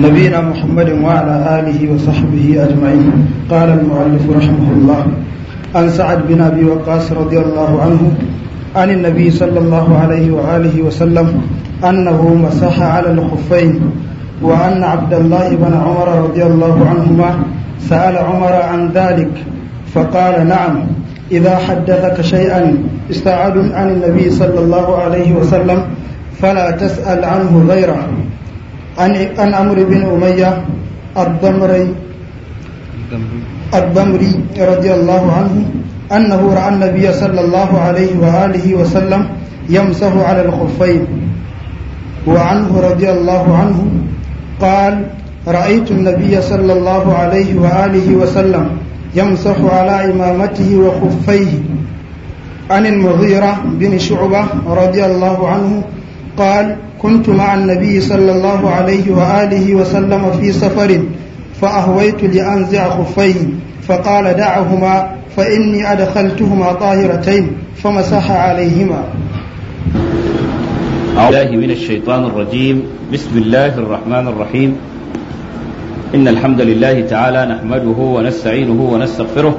نبينا محمد وعلى آله وصحبه أجمعين قال المؤلف رحمه الله عن سعد بن أبي وقاص رضي الله عنه عن النبي صلى الله عليه وآله وسلم أنه مسح على الخفين وأن عبد الله بن عمر رضي الله عنهما سأل عمر عن ذلك فقال نعم إذا حدثك شيئا استعد عن النبي صلى الله عليه وسلم فلا تسأل عنه غيره عن عن عمرو بن أمية الدمري الدمري رضي الله عنه أنه رأى النبي صلى الله عليه وآله وسلم يمسح على الخفين وعنه رضي الله عنه قال رأيت النبي صلى الله عليه وآله وسلم يمسح على إمامته وخفيه عن المغيرة بن شعبة رضي الله عنه قال كنت مع النبي صلى الله عليه وآله وسلم في سفر فأهويت لأنزع خفيه فقال دعهما فإني أدخلتهما طاهرتين فمسح عليهما أعوذ من الشيطان الرجيم بسم الله الرحمن الرحيم إن الحمد لله تعالى نحمده ونستعينه ونستغفره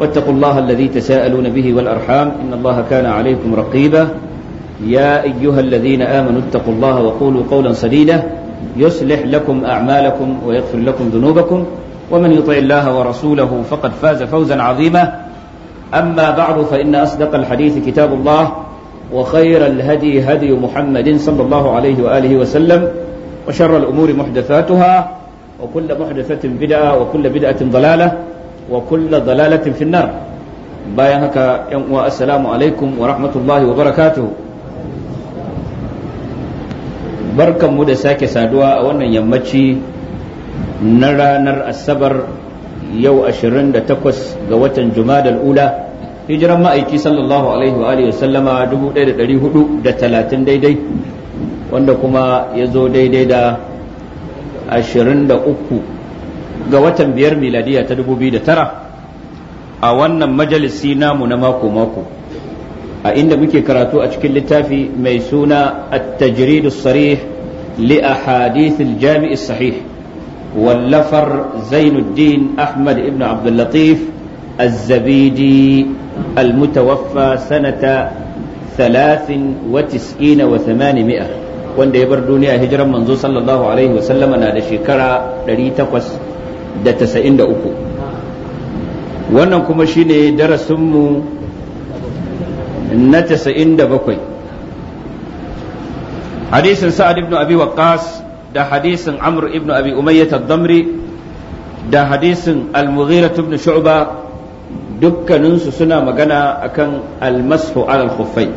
واتقوا الله الذي تساءلون به والأرحام إن الله كان عليكم رقيبا يا أيها الذين آمنوا اتقوا الله وقولوا قولا سديدا يصلح لكم أعمالكم ويغفر لكم ذنوبكم ومن يطع الله ورسوله فقد فاز فوزا عظيما أما بعد فإن أصدق الحديث كتاب الله وخير الهدي هدي محمد صلى الله عليه وآله وسلم وشر الأمور محدثاتها وكل محدثة بدعة وكل بدعة ضلالة wa kulla dalalatin finnar bayan haka yan uwa assalamu alaikum wa rahmatullahi wa barakatuhu barkanmu da sake saduwa a wannan yammaci na ranar asabar yau 28 ga watan jumadal ula hijiran ma'aiki sallallahu alaihi wa alihi da talatin daidai wanda kuma ya zo daidai da uku. ga watan biyar miladiya ta da tara a wannan majalisi namu na mako-mako a inda muke karatu a cikin littafi mai suna at-tajridu sarih li ahadith al sahih wallafar Zainuddin Ahmad ibn Abdul Latif الزبيدي المتوفى سنة ثلاث وتسعين وثمانمائة wanda ya bar duniya hijiran manzo sallallahu alaihi wa sallama na da shekara takwas. da tasa'in da uku wannan kuma shine darasinmu na tasa'in da bakwai hadisin sa'ad ibn abi waqas da hadisin amr ibn abi umayyah ad-damri da hadisin al-mughira ibn shu'ba dukkaninsu suna magana akan al-masfu ala al-khuffai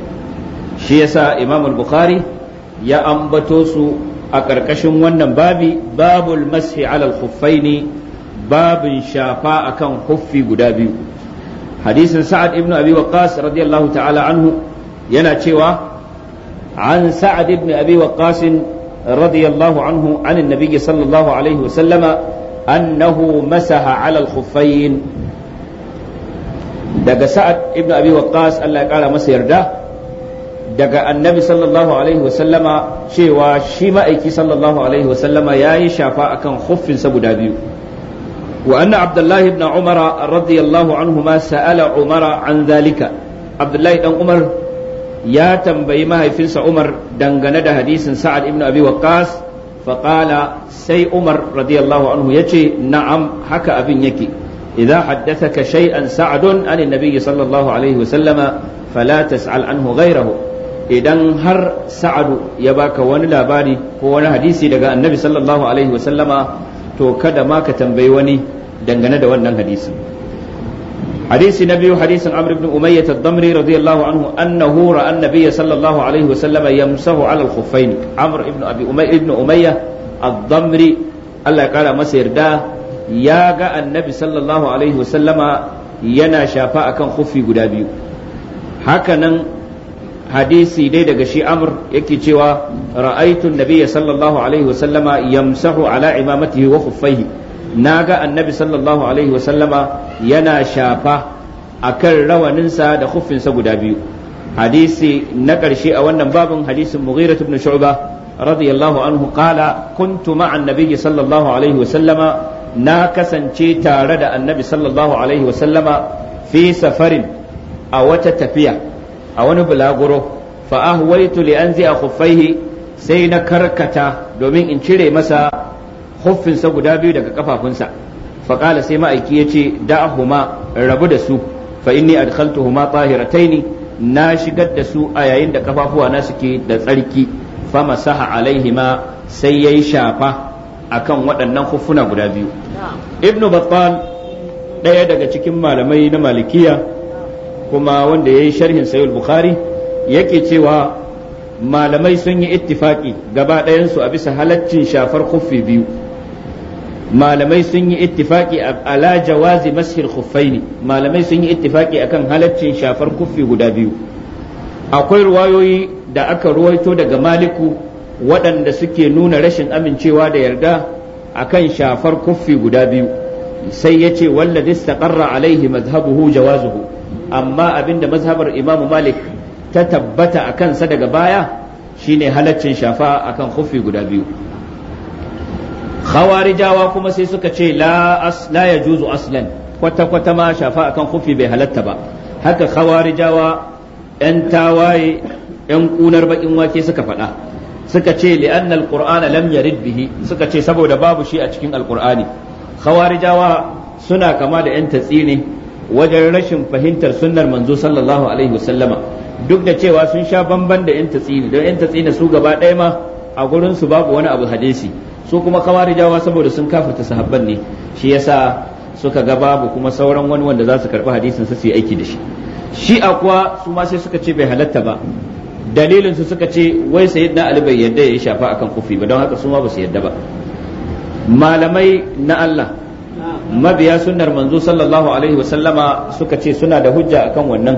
shi yasa imam al-bukhari ya ambato su a ƙarƙashin wannan babi babul mashi ala al-khuffaini babin shafa akan huffi guda biyu hadisin sa'ad ibn abi waqqas radiyallahu ta'ala anhu yana cewa an sa'ad ibn abi waqqas radiyallahu anhu an annabi sallallahu alaihi wa sallama annahu masaha ala al-khuffayn daga sa'ad ibn abi waqqas Allah ya kara masa yarda daga annabi sallallahu alaihi wa sallama cewa shi ma'aiki sallallahu alaihi wasallama ya yi shafa akan huffinsa guda biyu وأن عبد الله بن عمر رضي الله عنهما سأل عمر عن ذلك عبد الله بن عمر يا تنبي ما هي فلس عمر دنغنا حديث سعد بن أبي وقاص فقال سي عمر رضي الله عنه يجي نعم حكى أبن يكي إذا حدثك شيئا سعد عن النبي صلى الله عليه وسلم فلا تسأل عنه غيره idan har sa'adu ya baka wani labari ko wani hadisi daga annabi sallallahu alaihi wasallama to kada ma ka tambayi wani dangane da wannan hadisin hadisi na biyu hadisin amr ibn umayyah ad-damri radiyallahu anhu annahu ra'a an-nabiy sallallahu alaihi wa sallam yamsahu 'ala al-khuffayn amr ibn umayyah ibn damri Allah ya kara masa yarda ya ga annabi sallallahu alaihi wa sallama yana shafa akan khuffi guda biyu hakanan hadisi dai daga shi amr yake cewa ra'aytu nabiyya sallallahu alaihi wasallama yamsahu ala imamatihi wa khuffaihi naga annabi sallallahu alaihi wasallama yana shafa akan rawaninsa da khuffinsa guda biyu hadisi na ƙarshe a wannan babin hadisin mughira ibn shu'ba radiyallahu anhu qala kuntu ma'a annabi sallallahu alaihi na kasance tare da annabi sallallahu alaihi wasallama fi safarin a wata tafiya a wani bulaguro fa ahwaitu li anzi a khuffaihi sai na karkata domin in cire masa huffinsa guda biyu daga kafafunsa fa qala sai ma'aiki yace huma rabu da su fa inni adkhaltuhuma tahirataini na shigar da su a yayin da kafafuwa na suke da tsarki fa masaha alaihima sai yayi shafa akan waɗannan hufuna guda biyu ibnu battal ɗaya daga cikin malamai na malikiya kuma wanda ya yi sharhin sayul bukhari yake cewa malamai sun yi ittifaki gaba ɗayansu a bisa halaccin shafar kuffi biyu malamai sun yi ittifaki ala jawazi mashil ne malamai sun yi ittifaki kan halaccin shafar kuffi guda biyu akwai ruwayoyi da aka ruwaito daga maliku waɗanda suke nuna rashin amincewa da yarda a kan shafar kuffi guda biyu sai ya ce wallazi istaqarra alaihi mazhabuhu jawazuhu amma abinda mazhabar imamu malik ta tabbata a kansa daga baya shine halaccin shafa akan khuffi guda biyu khawarijawa kuma sai suka ce la ya yajuzu aslan kwata kwata ma shafa akan khuffi bai halatta ba haka khawarijawa yan tawaye yan kunar bakin wake suka faɗa suka ce li'anna alqur'ana lam yarid bihi suka ce saboda babu shi a cikin alqur'ani khawarijawa suna kama da yan tatsi ne wajen rashin fahimtar sunnar manzo sallallahu alaihi wasallama duk da cewa sun sha bamban da 'yan tatsini don 'yan tatsini su gaba ɗaya ma a gurin su babu wani abu hadisi su kuma kawarijawa saboda sun kafirta sahabban ne shi yasa suka ga babu kuma sauran wani wanda za su karɓi hadisin su yi aiki da shi shi akwa su ma sai suka ce bai halatta ba dalilin su suka ce wai sayyidina ali bai yadda ya shafa akan kufi ba don haka su ma ba su yadda ba malamai na Allah mabiya sunnar manzo sallallahu alaihi wasallama suka ce suna da hujja akan wannan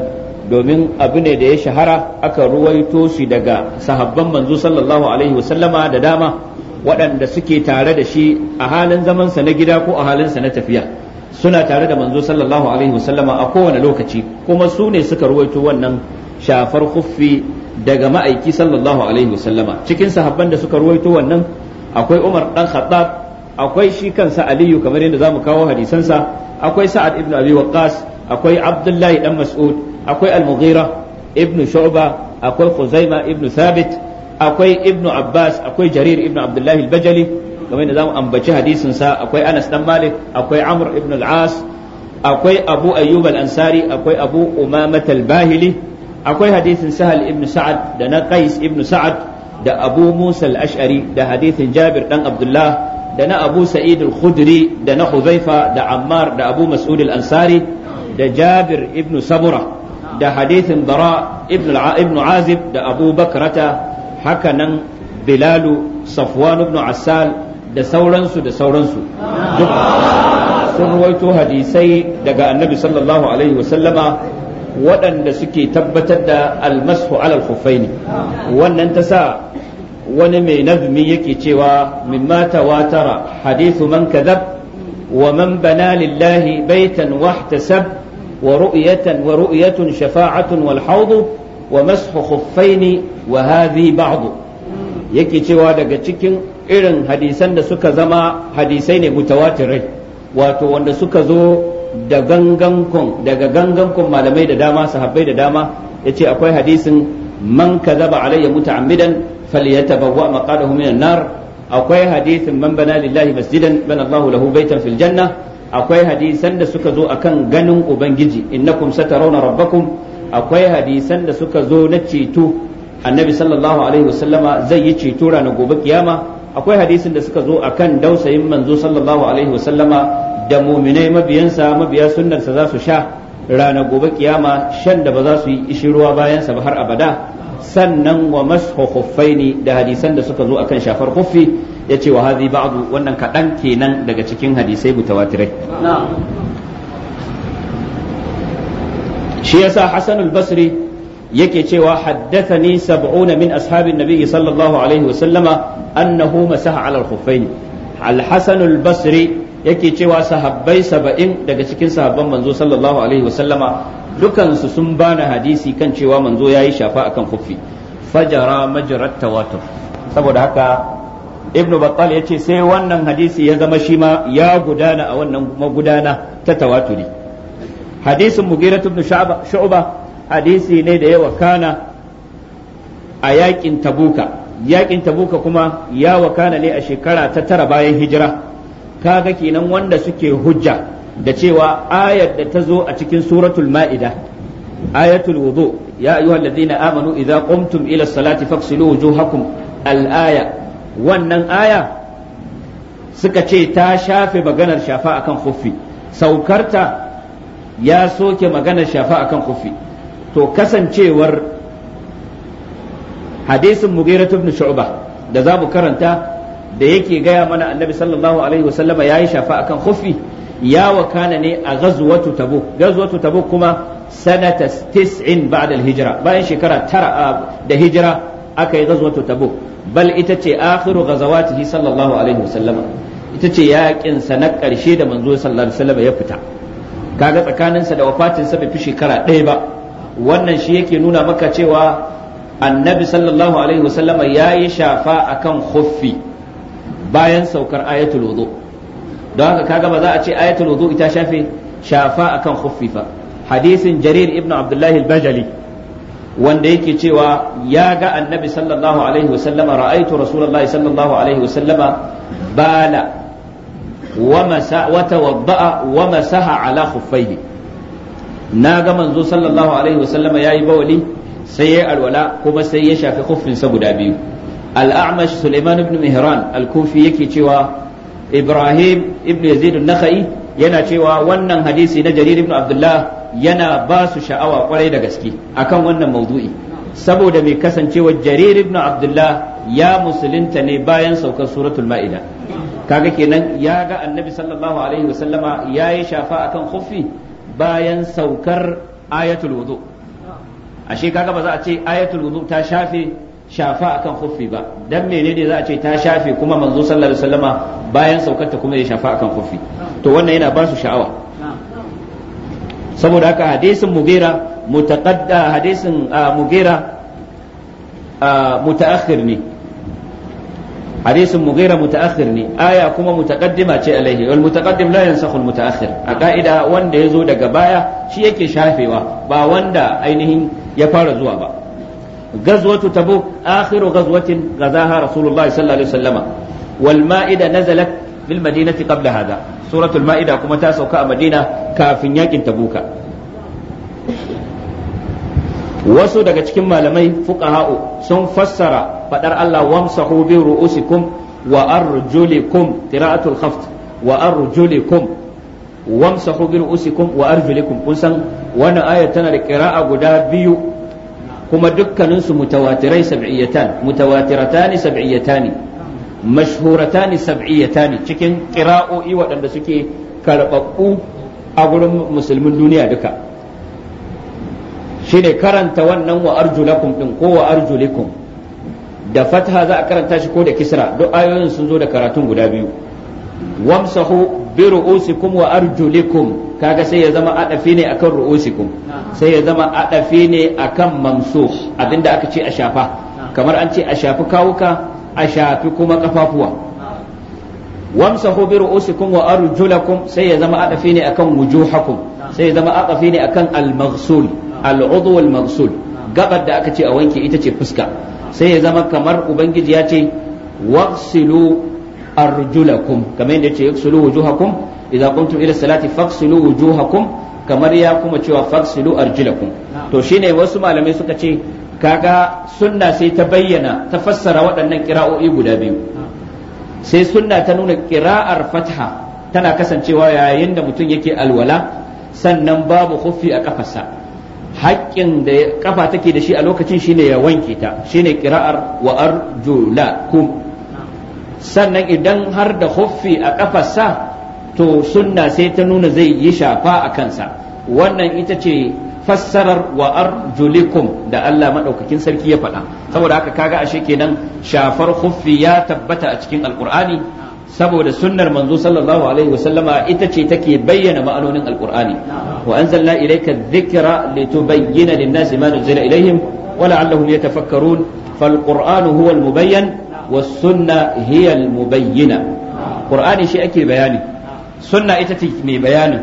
domin abu ne da ya shahara aka ruwaito shi daga sahabban manzo sallallahu alaihi wasallama da dama waɗanda suke tare da shi a halin zamansa na gida ko a halin sa na tafiya suna tare da manzo sallallahu alaihi wasallama a kowane lokaci kuma su ne suka ruwaito wannan shafar kuffi daga ma'aiki sallallahu alaihi wasallama cikin sahabban da suka ruwaito wannan akwai Umar dan Khattab akwai shi kansa aliyu kamar yadda zamu kawo hadisansa akwai sa'ad ibn abi waqqas akwai abdullahi dan mas'ud akwai al-mughira ibn shu'ba akwai khuzaima ibn thabit akwai ibn abbas akwai jarir ibn abdullahi al-bajali kamar yadda zamu ambaci hadisinsa akwai anas dan malik akwai amr ibn al-as akwai abu ayyub al-ansari akwai abu umamatal al-bahili akwai hadisin sahal ibn sa'ad da na qais ibn sa'ad da abu musa al-ash'ari da hadisin jabir dan abdullah da na abu sa'id al-khudri da na huzaifa da ammar da abu mas'ud al-ansari da jabir ibn sabura da hadithin bara ibn azib da abu bakrata haka nan bilalu safwan ibn asal da sauransu da sauransu duk sun ruwaito hadisai daga annabi sallallahu alaihi wasallama waɗanda suke tabbatar da almasu alal khuffaini wannan ta sa wani mai nazumi yake cewa mimma tawatara hadithu man kadhab wa man bana lillahi baitan wahtasab wa ru'yatan wa ru'yatun shafa'atun wal hawdu wa mashu khuffaini wa hadhi ba'du yake cewa daga cikin irin hadisan da suka zama hadisai ne mutawatirai wato wanda suka zo da daga gangankun malamai da dama sahabbai da dama yace akwai hadisin man kadhaba alayya muta'ammidan falyatabawwa maqadahu minan nar akwai hadisin mambana bana lillahi masjidan bana Allahu lahu fil janna akwai hadisan da suka zo akan ganin ubangiji inna innakum satarawna rabbakum akwai hadisan da suka zo na ceto annabi sallallahu alaihi wasallama zai yi ceto ranar gobe kiyama akwai hadisin da suka zo akan dausayin manzo sallallahu alaihi wasallama da muminai mabiyansa mabiya sunnarsa za su sha rana gobe kiyama shan da ba za su yi ishirwa bayan sa ba har abada sannan wa mashu ne da hadisan da suka zo akan shafar ya ce wa hadhi baadu wannan kaɗan kenan daga cikin hadisai mutawatirai shi yasa Hassan al-Basri yake cewa haddasa haddathani sab'una min ashabin nabi sallallahu alaihi wa sallama annahu masaha ala al-khuffaini al basri yake cewa sahabbai saba'in daga cikin sahabban manzo sallallahu alaihi wasallama dukansu sun bani hadisi kan cewa manzo ya yi shafa akan kuffi fajara majarat tawatur saboda haka ibnu battal ya ce sai wannan hadisi ya zama shi ma ya gudana a wannan magudana ta tawaturi hadisin mugirat ibn shu'ba hadisi ne da yawa kana a yakin tabuka yakin tabuka kuma ya wakana ne a shekara ta tara bayan hijira kaga kenan wanda suke hujja da cewa ayar da ta zo a cikin suratul ma'ida ayatul wudu ya ayyuhal ladzina amanu idza qumtum ila salati faghsilu wujuhakum al aya wannan aya suka ce ta shafe maganar shafa akan kuffi saukarta ya soke maganar shafa akan kuffi to kasancewar hadisin mughiratu ibn shu'bah da za mu karanta da yake gaya mana annabi sallallahu alaihi wasallama yi shafa akan khuffi ya wakana ne a ghazwatu tabuk ghazwatu tabuk kuma sanata 90 ba'da al-hijra bayan shekara tara da hijira aka yi ghazwatu tabuk bal ita ce akhiru ghazawatihi sallallahu alaihi wasallama ita ce yakin sa na karshe da manzo sallallahu alaihi wasallama ya fita kaga tsakaninsa da wafatinsa bai fi shekara ɗaya ba wannan shi yake nuna maka cewa annabi sallallahu alaihi wasallama ya yi shafa akan khuffi bayan saukar ayatul wudu don haka kaga ba za a ce ayatul wudu ita shafe shafa akan khuffifa hadisin jarir Ibn abdullahi al-bajali wanda yake cewa ya ga annabi sallallahu alaihi sallama, ra'aitu rasulullahi sallallahu alaihi sallama, bala wa masa wa tawadda'a wa masaha ala khuffaihi na ga manzo sallallahu alaihi wasallama yayi bawali sai ya alwala kuma sai ya shafi khuffinsa guda biyu al'amash suleiman ibn Mihran al-Kufi yake cewa Ibrahim ibn Yazid an-Nakhai yana cewa wannan hadisi na Jarir ibn Abdullah yana ba su sha'awa kwarai da gaske akan wannan maudu'i saboda mai kasancewar Jarir ibn Abdullah ya musulunta ne bayan saukar suratul Ma'ida kaga kenan ya ga Annabi sallallahu alaihi wasallama yayi shafa akan khuffi bayan saukar ayatul wudu ashe kaga ba za a ce ayatul wudu ta shafe shafa akan khuffi ba dan menene za a ce ta shafe kuma manzo sallallahu alaihi wasallama bayan saukarta kuma ya shafa akan khuffi to wannan yana ba su sha'awa saboda haka hadisin mugera mutaqadda hadisin mugera mutaakhir ne hadisin mutaakhir ne aya kuma mutaqaddima ce alaihi wal mutaqaddim la yansakhu al mutaakhir a ka'ida wanda yazo daga baya shi yake shafewa ba wanda ainihin ya fara zuwa ba غزوة تبوك آخر غزوة غزاها رسول الله صلى الله عليه وسلم والمائدة نزلت في المدينة قبل هذا سورة المائدة كما تاسوكا مدينة كافن ياكن wasu daga cikin malamai fuqaha'u sun fassara fadar Allah wamsahu bi ru'usikum wa arjulikum qira'atul khaft wa arjulikum wamsahu bi ru'usikum wa arjulikum kun san wannan aya tana da qira'a guda biyu kuma dukkaninsu mutawatirai sab'iyatan mutawatiratani sab'iyatani mashhuratani sab'iyatani cikin qira'o'i waɗanda suke karbabbu a gurin musulmin duniya duka shine karanta wannan wa arjulakum din ko wa arjulikum da fatha za a karanta shi ko da kisra duk ayoyin sun zo da karatun guda biyu wamsahu bi ru'usikum wa arjulikum kaga sai ya zama adafi ne akan ru'usikum sai ya zama adafi ne akan mamsuh abinda aka ce a shafa kamar an ce a shafi kawuka a shafi kuma kafafuwa wamsahu bi ru'usikum wa arjulakum sai ya zama adafi ne akan wujuhakum sai ya zama adafi ne gabar da aka ce a wanki ita ce fuska sai ya zama kamar ubangiji ya ce waqsilu arjulakum kamar yadda yace yaksulu wujuhakum idza qumtum ila salati faghsilu wujuhakum kamar ya kuma cewa faghsilu arjulakum to shine wasu malamai suka ce kaga sunna sai ta bayyana ta fassara waɗannan kira'o'i guda biyu sai sunna ta nuna qira'ar fatha tana kasancewa yayin da mutum yake alwala sannan babu khuffi a kafarsa haƙƙin da kafa take da shi a lokacin shine ya wanke ta shine kira'ar wa arjulakum sannan idan har da huffi a kafarsa to sunna sai ta nuna zai yi shafa a kansa wannan ita ce fassarar wa arjulikum da Allah maɗaukakin sarki ya faɗa saboda haka kaga ashe kenan shafar huffi ya tabbata a cikin alkur'ani saboda sunnar manzo sallallahu alaihi wasallama ita ce take bayyana ma'anonin alkur'ani wa anzalna ilayka dhikra litubayyana lin-nasi ma nuzila ilayhim wa la'allahum yatafakkarun فالقرآن هو المبين والسنة هي qur'ani shi ake bayani sunna ita ce mai bayani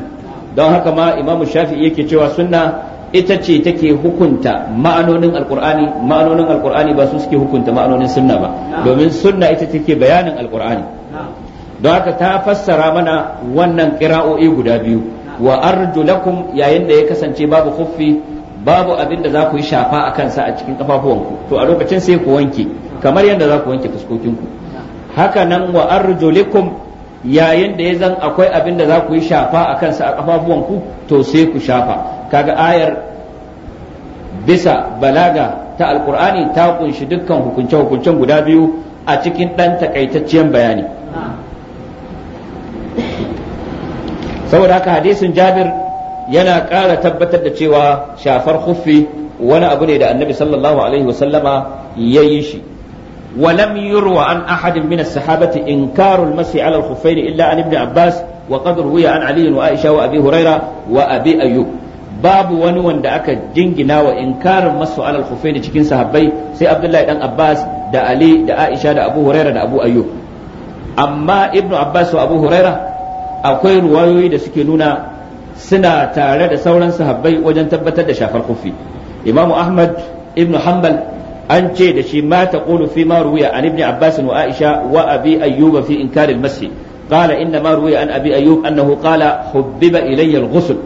don haka ma imamu shafi'i yake cewa sunna ita ce take hukunta ma'anonin alkur'ani ma'anonin alkur'ani ba su suke hukunta ma'anonin sunna ba domin sunna ita take bayanin alkur'ani don haka ta fassara mana wannan kira'o'i guda biyu wa arju lakum yayin da ya kasance babu khuffi babu abin da za ku yi shafa a kansa a cikin kafafuwanku to a lokacin sai ku wanke kamar yadda za ku wanke fuskokinku haka nan wa arjulikum yayin da ya zan akwai abin da za ku yi shafa a kansa a kafafuwanku to sai ku shafa kaga ayar bisa balaga ta alkur'ani ta kunshi dukkan hukunce-hukuncen guda biyu a cikin ɗan takaitacciyar bayani saboda haka hadisin jabir yana ƙara tabbatar da cewa shafar huffi wani abu ne da annabi sallallahu alaihi wasallama ya yi shi ولم يروى عن أحد من الصحابة إنكار المسح على الخفين إلا عن ابن عباس وقد روي aisha علي وعائشة وأبي هريرة وأبي أيوب باب wani wanda aka jingina wa inkarin masu alal khufaini cikin sahabbai sai Abdullahi dan Abbas da Ali da Aisha da Abu Huraira da Abu Ayyub amma Ibn Abbas wa Abu Huraira akwai ruwayoyi da suke nuna suna tare da sauran sahabbai wajen tabbatar da shafar kufi Imam Ahmad Ibn Hanbal an ce da shi ma taqulu fi ma ruwiya an ibn abbas wa aisha wa abi ayuba fi inkar al-masih qala inna ma ruwiya an abi ayyub annahu qala hubbiba ilayya al-ghusl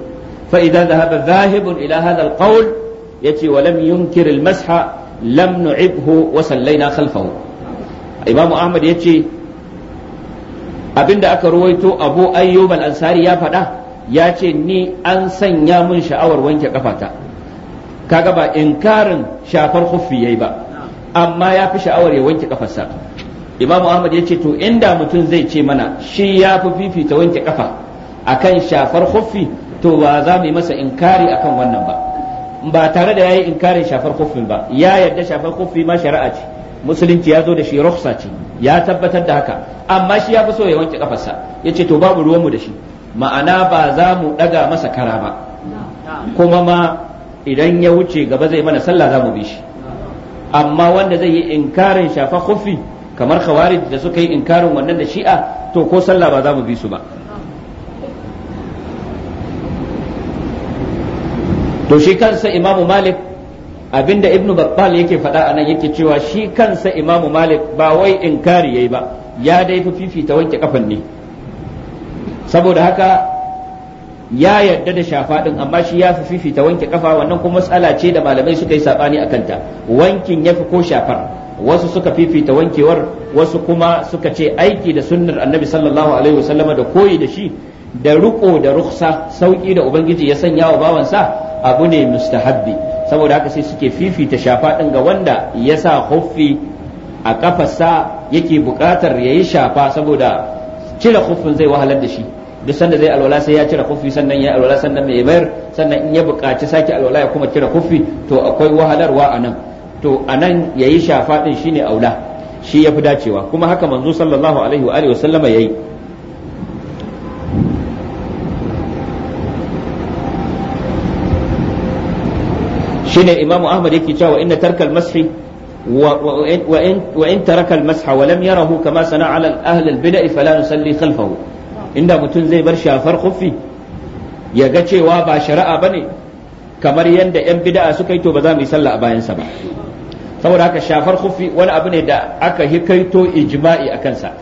fa idha dhahaba dhahibun ila hadha al-qawl yace wa lam yunkir al-masha lam nu'ibhu wa sallaina khalfahu imam ahmad yace abinda aka ruwaito abu ayyub al-ansari ya faɗa ya ce ni an sanya mun sha'awar wanke kafata kaga ba inkarin shafar khuffi yayi ba amma ya fi sha'awar ya wanke kafarsa imamu ahmad ya ce to inda mutum zai ce mana shi ya fi fifita wanke kafa akan shafar khuffi to ba za mu yi masa inkari akan wannan ba ba tare da yayi inkarin shafar khuffin ba ya yarda shafar khuffi ma shari'a ce musulunci ya zo da shi rukhsa ce ya tabbatar da haka amma shi ya fi so ya wanke kafarsa ce to babu ruwanmu da shi ma'ana ba za mu daga masa kara ba kuma ma idan ya wuce gaba zai mana sallah za mu bi shi amma wanda zai yi inkarin shafa khuffi kamar khawarij da suka yi inkarin wannan da shi'a to ko sallah ba za mu bi su ba to shi kansa imamu malik abinda ibnu babbal yake faɗa anan nan yake cewa shi kansa imamu malik ba wai inkari yayi ba ya dai fi fifita wanke kafan ne saboda haka ya yarda da shafa din amma shi ya fi fifita wanke kafa wannan kuma matsala ce da malamai suka yi saɓani a kanta wankin ya fi ko shafar wasu suka fifita wankewar wasu kuma suka ce aiki da sunnar annabi sallallahu alaihi wasallam da koyi da shi da Ruko da ruksa sauki da ubangiji ya sanya wa bawansa abu ne mustahabbi saboda haka sai suke fifita shafa din ga wanda ya sa huffi a kafarsa yake buƙatar ya yi shafa saboda cire huffin zai wahalar da shi duk sanda zai alwala sai ya cire kufi sannan ya alwala sannan mai mayar sannan in ya buƙaci sake alwala ya kuma cire kufi to akwai wahalarwa a nan to a nan ya yi shafa ɗin shine aula shi ya fi dacewa kuma haka manzo sallallahu alaihi wa alihi wasallama ya yi shine imamu ahmad yake cewa inna tarkal wa in وإن, وإن, وإن ترك المسح ولم kama sana'a صنع على أهل البدع فلا نصلي خلفه inda mutum zai bar shafar kuffi ya ga cewa ba shari'a bane kamar yadda 'yan bida'a suka yi to ba za mu yi sallah a bayansa ba saboda haka shafar kuffi wani abu ne da aka hikaito ijma'i a kansa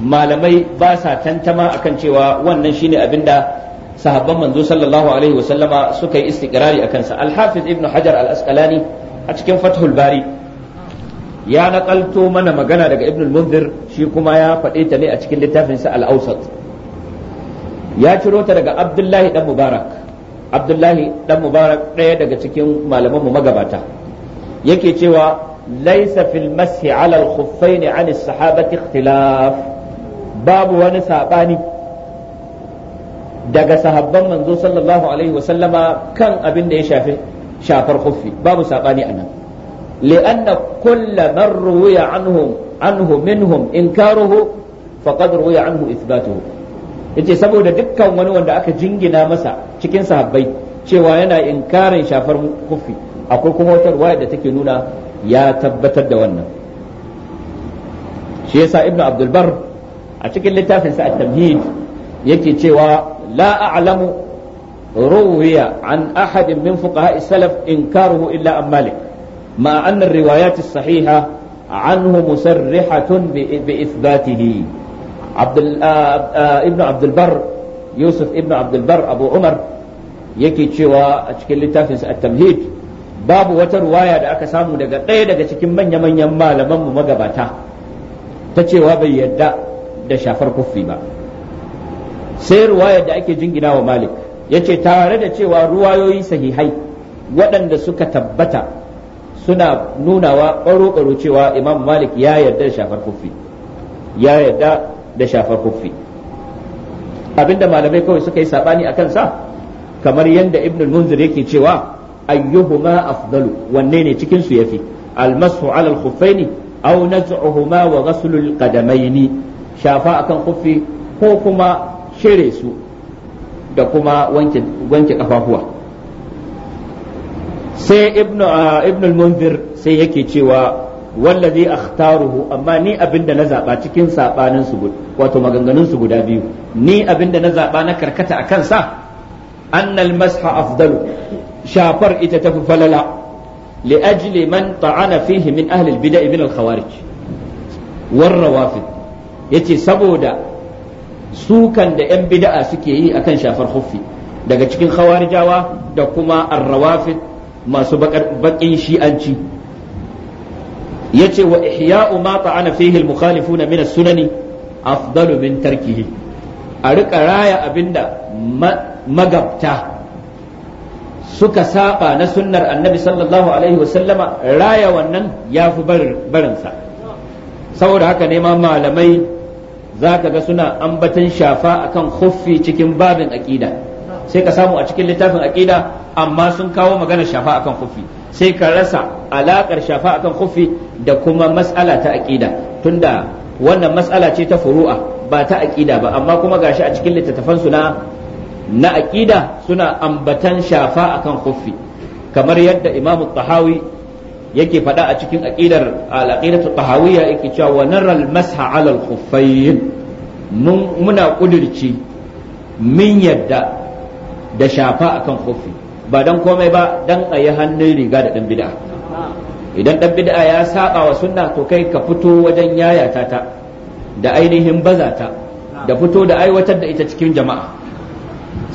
malamai ba sa tantama akan cewa wannan shine abin da sahabban manzo sallallahu alaihi wasallama suka yi istiqrari a kansa al-hafiz ibnu hajar al-asqalani a cikin fathul bari ya naƙalto mana magana daga ibn munzir shi kuma ya faɗe ta ne a cikin littafinsa al-awsat ya ciro ta daga abdullahi dan mubarak abdullahi dan mubarak ɗaya daga cikin malamanmu magabata yake cewa laisa fil mashi ala al-khuffaini an as-sahabati ikhtilaf babu wani sabani daga sahabban manzo sallallahu alaihi wasallama kan abin da ya shafi shafar khuffi babu sabani anan li'anna kullu man ruwiya anhum anhu minhum inkaruhu faqad ruwiya anhu ithbatuhu yace saboda dukkan wani wanda aka jingina masa cikin sahabbai cewa yana inkarin shafar kufi akwai kuma wata riwaya da take nuna ya tabbatar da wannan shi yasa ibnu abdul bar a cikin littafin sa at-tamhid yake cewa la a'lamu ruwiya an ahadin min fuqaha salaf inkaruhu illa an malik ma anna riwayat as-sahiha anhu musarrihatun bi ithbatihi عبد ابن عبد البر يوسف ابن عبد البر ابو عمر yake cewa a cikin littafinsa at-tamhid babu wata ruwaya da aka samu daga ɗaya daga cikin manya-manyan malamanmu magabata ta cewa bai yarda da shafar kuffi ba sai ruwayar da ake jingina wa malik ya ce tare da cewa ruwayoyi sahihai waɗanda suka tabbata suna nunawa ɓaro-ɓaro cewa imam malik ya yarda da shafar kuffi ya yarda da shafar kuffi abinda malamai kawai suka yi sabani akan sa kamar yadda ibn munzir yake cewa ayyuhuma afdalu wanne ne cikin su yafi almasu ala al-khuffaini aw naz'uhuma wa ghaslu al-qadamaini shafa akan kuffi ko kuma shire su da kuma wanke wanke kafafuwa sai ibn ibn al-munzir sai yake cewa wallazi akhtaruhu amma ni abinda na zaba cikin sabanin su wato maganganun su guda biyu ni abinda na zaba na karkata a kansa annal masha afdalu shafar ita tafi falala li ajli man ta'ana fihi min ahli al-bid'ah min al-khawarij war rawafid yace saboda sukan da yan bid'a suke yi akan shafar khuffi daga cikin khawarijawa da kuma ar-rawafid masu baƙin shi'anci yace wa ihya'u ma ta'ana fihi al-mukhalifuna min as-sunani afdalu min tarkihi a rika raya abinda magabta suka saba na sunnar annabi sallallahu alaihi wasallama raya wannan ya fi barinsa saboda haka ne ma malamai za ka ga suna ambatan shafa akan khuffi cikin babin aƙida sai ka samu a cikin littafin aqida amma sun kawo magana shafa akan kufi sai ka rasa alakar shafa akan kufi da kuma mas'ala ta aqida tunda wannan mas'ala ce ta furu'a ba ta aqida ba amma kuma gashi a cikin littattafan su na na aqida suna ambatan shafa akan kufi kamar yadda Imam Tahawi yake faɗa a cikin aqidar al-aqidatu tahawiyya yake cewa wa naral masha 'ala al-khuffayn muna kudirci min yadda da shafa akan kofi ba dan komai ba dan a yi hannun riga da ɗan bid'a idan ɗan bid'a ya saba wa sunna to kai ka fito wajen yayata ta da ainihin baza ta da fito da aiwatar da ita cikin jama'a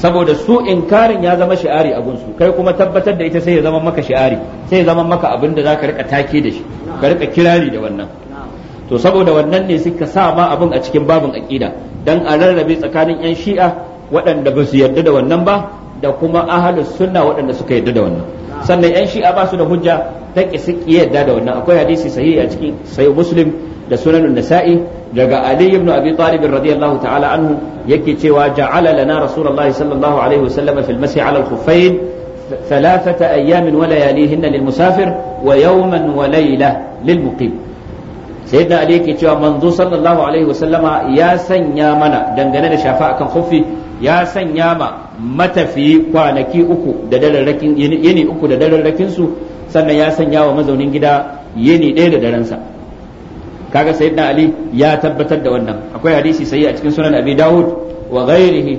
saboda su inkarin ya zama shi'ari a gunsu kai kuma tabbatar da ita sai ya zama maka shi'ari sai ya zama maka abin da zaka rika take da shi ka rika kirari da wannan to saboda wannan ne suka sa ma abin a cikin babin aqida dan a rarrabe tsakanin yan shi'a waɗanda ba su yarda da wannan ba da kuma ahalus sunna waɗanda suka yarda da wannan sannan yan shi'a ba su da hujja ta kisi yarda da wannan akwai hadisi sahihi a cikin sahih muslim da sunan nasa'i daga ali ibn abi talib radiyallahu ta'ala anhu yake cewa ja'ala lana rasulullahi sallallahu alaihi wasallam fil masih ala al-khuffayn ثلاثة أيام ولياليهن للمسافر ويوما وليلة للمقيم سيدنا علي كي cewa manzo sallallahu alaihi wasallama ya sanya mana dangane da shafa akan khuffi ya sanya ma matafiyi kwanaki uku da dararrakin yini uku da dararrakin su sannan ya sanya wa mazaunin gida yini ɗaya da daransa kaga sayyidina ali ya tabbatar da wannan akwai hadisi sai a cikin sunan abi daud wa ghairihi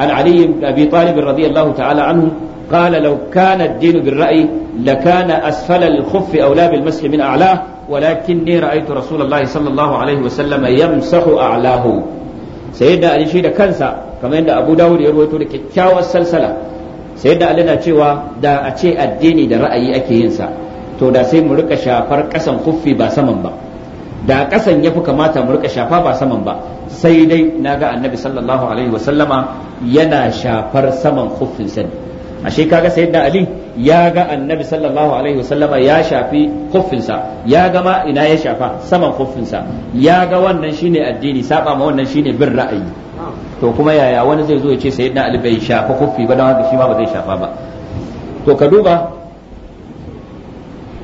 an ali ibn abi talib radiyallahu ta'ala anhu قال لو كان الدين بالرأي لكان أسفل الخف أولى بالمسح ala walakin ne رأيت رسول الله صلى الله عليه وسلم يمسح alahu. sayyidina ali shi da kansa kamar yadda abu dawud ya rawaito da kyakkyawar salsala sayyidina ali na cewa da a ce addini da ra'ayi ake yin sa to da sai mu rika shafar kasan kuffi ba saman ba da kasan yafi kamata mu rika shafa ba saman ba sai dai naga annabi sallallahu alaihi wasallama yana shafar saman kuffin sani ashe kaga sayyidina ali ya ga annabi sallallahu alaihi wasallama ya shafi kuffinsa ya ga ma ina ya shafa saman kuffinsa ya ga wannan shine addini saba ma wannan shine bin ra'ayi to kuma yaya wani zai zo ya ce sayyidina ali bai shafa kuffi ba don haka shi ma ba zai shafa ba to ka duba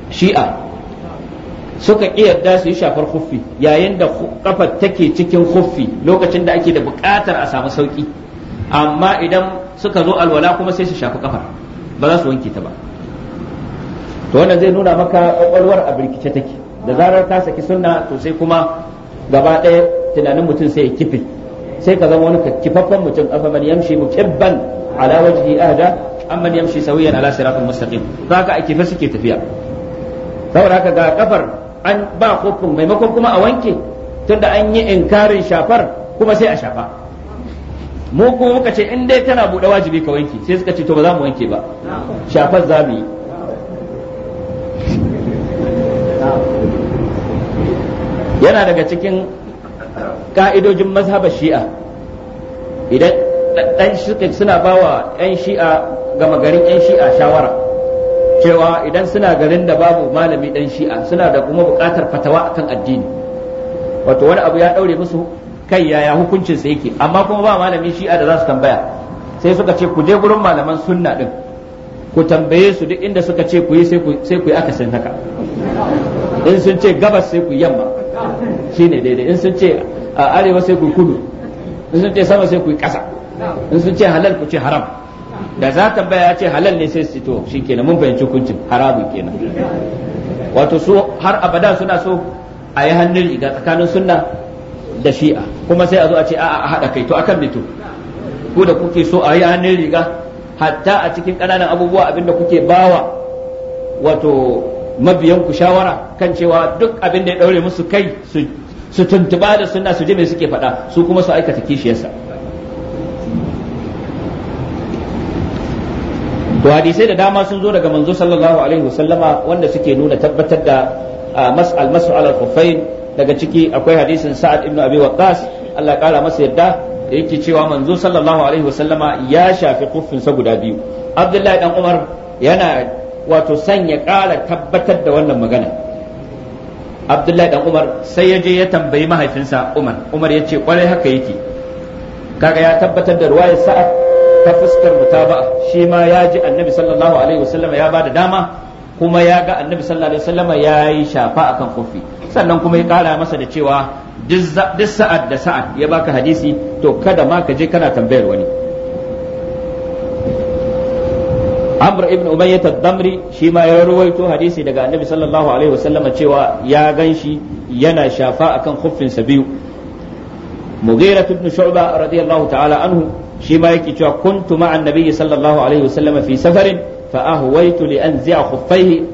shi'a suka ƙi yarda su yi shafar kuffi yayin da kafar take cikin kuffi lokacin da ake da buƙatar a samu sauƙi amma idan suka zo alwala kuma sai su shafi kafar ba za su wanke ta ba to wannan zai nuna maka kwakwalwar a birkice take da zarar ta saki sunna to sai kuma gaba ɗaya tunanin mutum sai ya kifi sai ka zama wani kifaffen mutum man yamshi mukibban ala wajhi ahda man yamshi sawiyan ala siratin mustaqim haka a kifi suke tafiya saboda haka ga kafar an ba kofin maimakon kuma a wanke tunda an yi inkarin shafar kuma sai a shafa mu kuma muka ce in dai tana buɗe wajibi ka wanke sai suka ce to ba za mu wanke ba shafar za mu yi yana daga cikin ka'idojin mazhabar shi'a idan ɗan shi'a suna ba wa 'yan shi'a gama garin 'yan shi'a shawara cewa idan suna garin da babu malami ɗan shi'a suna da kuma buƙatar fatawa akan addini wato wani abu ya ɗaure musu kai yaya hukuncin sa yake amma kuma ba malamin shi'a da za su tambaya sai suka ce ku je gurin malaman sunna din ku tambaye su duk inda suka ce ku yi sai ku yi akasin haka in sun ce gabas sai ku yamma shine daidai in sun ce a arewa sai ku kudu in sun ce sama sai ku yi ƙasa in sun ce halal ku ce haram da za tambaya ya ce halal ne sai su to kenan mun fahimci hukuncin haramun kenan wato su har abada suna so a yi hannun riga tsakanin sunna da shi'a kuma sai a zo a ce a haɗa kai to akan mito ku da kuke so a yi hannun riga hatta a cikin ƙananan abubuwa abinda kuke bawa wato mabiyan ku shawara kan cewa duk abin da ya ɗaure musu kai su tuntuba da suna su je mai suke faɗa su kuma su aikata kishiyarsa to hadisai da dama sun zo daga manzo sallallahu alaihi wasallama wanda suke nuna tabbatar da mas'al mas'al al daga ciki akwai hadisin sa'ad Ibnu abi waqqas Allah kara masa yadda yake cewa manzo sallallahu alaihi wasallama ya shafi sa guda biyu Abdullahi dan Umar yana wato sanya kara tabbatar da wannan magana Abdullahi dan Umar sai ya je ya tambayi mahaifinsa Umar Umar ya ce kwarai haka yake kaga ya tabbatar da ruwayar sa'ad ta fuskar mutaba'a shi ma ya ji annabi sallallahu alaihi wasallama ya bada dama kuma ya ga annabi sallallahu alaihi wasallam ya yi shafa akan kofi sannan kuma ya kara masa da cewa duk sa'ad da sa'ad ya baka hadisi to kada ma ka je kana tambayar wani Amr ibn Umayyah ad-Damri shi ma ya rawaito hadisi daga Annabi sallallahu alaihi wasallam cewa ya ganshi yana shafa akan sa biyu Mughirah ibn shu'ba radiyallahu ta'ala anhu shi ma yake cewa kuntu ma'an nabiyyi sallallahu alaihi wasallam fi safarin fa ahwaitu li anzi'a khuffaihi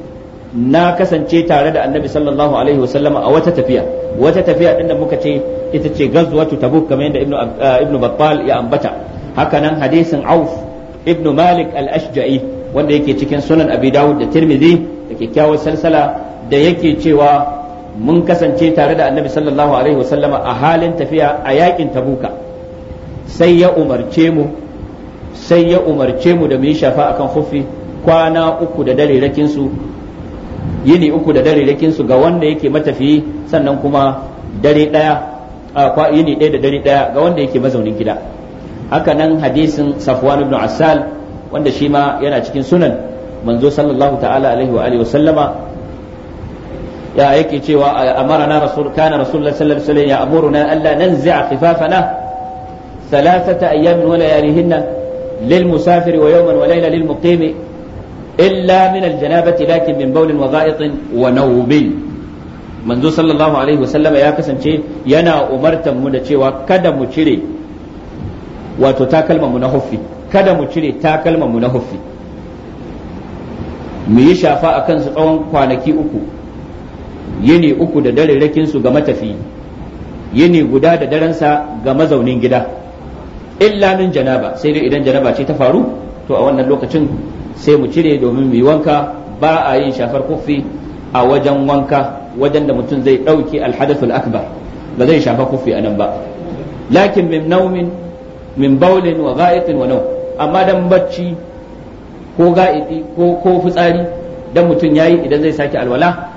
na kasance tare da annabi sallallahu alaihi wasallama a wata tafiya wata tafiya din da muka ce ita ce gazwatu tabuk kamar yadda ibnu eh, ibnu ya ambata hakanan hadisin auf ibnu malik al-ashja'i wanda yake cikin sunan abi dawud da tirmidhi da kyakkyawar salsala da yake cewa mun kasance tare da annabi sallallahu alaihi wasallama a halin tafiya a yakin tabuka sai ya umarce mu sai ya umarce mu da mu yi shafa akan kuffi. kwana uku da dare rakinsu yini uku da dare rakinsu ga wanda yake matafiyi sannan kuma dare daya a yini ɗaya da dare daya ga wanda yake mazaunin gida haka nan hadisin safwan ibn asal wanda shi ma yana cikin sunan manzo sallallahu ta'ala alaihi wa alihi wa sallama ya yake cewa amarana rasul kana rasulullahi sallallahu alaihi wasallam ya amuruna alla nanzi'a khifafana thalathata ayyamin wa layalihinna lil musafiri wa yawman wa layla lil muqimi In min aljanabati lakin min bawlin wa za'itin wa nawbin manzo sallallahu alaihi wasallama ya kasance yana umartan mu da cewa kada mu cire wato takalmanmu na huffi kada mu cire takalmanmu na huffi mu yi shafa a kansu tsawon kwanaki uku yini uku da dare su ga matafi yini guda da darensa ga mazaunin gida In lamin janaba sai dai idan janaba ce ta faru to a wannan lokacin sai mu cire domin mu yi wanka ba a yin shafar kuffi a wajen wanka wajen da mutum zai ɗauki alhadathul akbar ba zai shafa kuffi anan ba lakin min naumin min baulin wa ga'itin wa nau amma dan bacci ko ga'idi ko ko fitsari dan mutum yayi idan zai sake alwala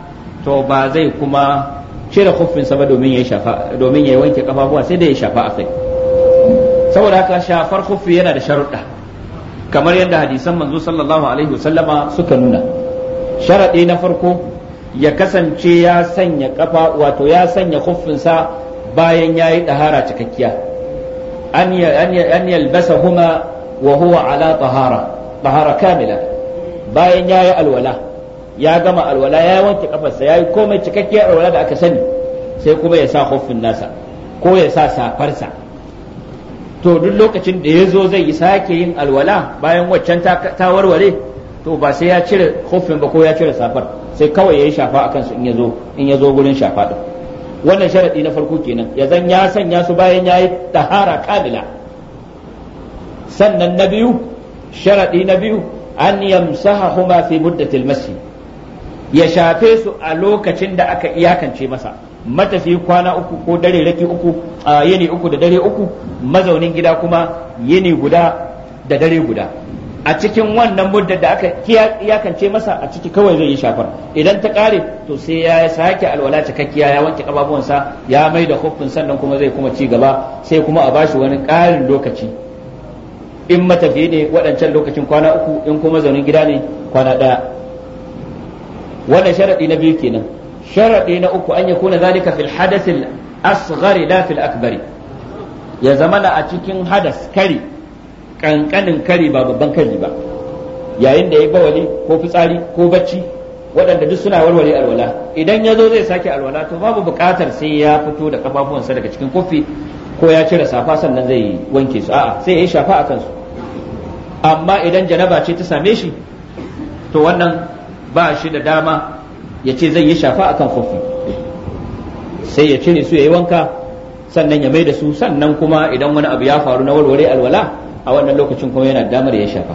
to ba zai kuma cire kuffinsa ba domin ya shafa domin ya wanke kafafuwa sai da ya shafa akai saboda haka shafar kuffi yana da sharuɗa kamar yadda hadisan manzo sallallahu alaihi wasallama suka nuna sharaɗi na farko ya kasance ya sanya kafa wato ya sanya kuffinsa bayan ya yi ɗahara cikakkiya an yalbasa huma wa huwa ala tahara tahara kamila bayan ya yi alwala ya gama alwala ya wanke kafarsa ya yi komai cikakkiyar alwala da aka sani sai kuma ya sa kuffin nasa ko ya sa safarsa to duk lokacin da ya zo zai yi sake yin alwala bayan waccan ta warware to ba sai ya cire kofin ba ko ya cire safar sai kawai ya yi shafa a kansu in ya zo in gurin shafa din wannan sharaɗi na farko kenan ya zan ya sanya su bayan ya yi tahara kamila sannan na biyu sharaɗi na biyu an huma fi muddatil masjid ya shafe su a lokacin da aka iyakance masa matafi kwana uku ko dare raki uku a yini uku da dare uku mazaunin gida kuma yini guda da dare guda a cikin wannan muddar da aka kance masa a ciki kawai zai yi shafar idan ta kare to sai ya sake alwala cikakkiya ya wanke kababuwansa ya mai da hukun sannan kuma zai kuma ci gaba sai kuma a bashi wani ƙarin lokaci in matafi ne waɗancan lokacin kwana uku in kuma zaunin gida ne kwana ɗaya wannan sharaɗi na biyu kenan sharaɗi na uku an yakuna zalika fil hadasil asghar la fil akbari ya zamana a cikin hadas kari kankanin kari ba babban kari ba yayin da ya bawali ko fitsari ko bacci waɗanda duk suna warware alwala idan ya zo zai sake alwala to babu buƙatar sai ya fito da kafafuwansa daga cikin kofi ko ya cire safa sannan zai wanke su a'a sai ya shafa a kansu amma idan janaba ce ta same shi to wannan ba shi da dama ya ce zai yi shafa akan kofi sai ya cire su ya yi wanka sannan ya mai da su sannan kuma idan wani abu ya faru na warware alwala a wannan lokacin kuma yana damar ya shafa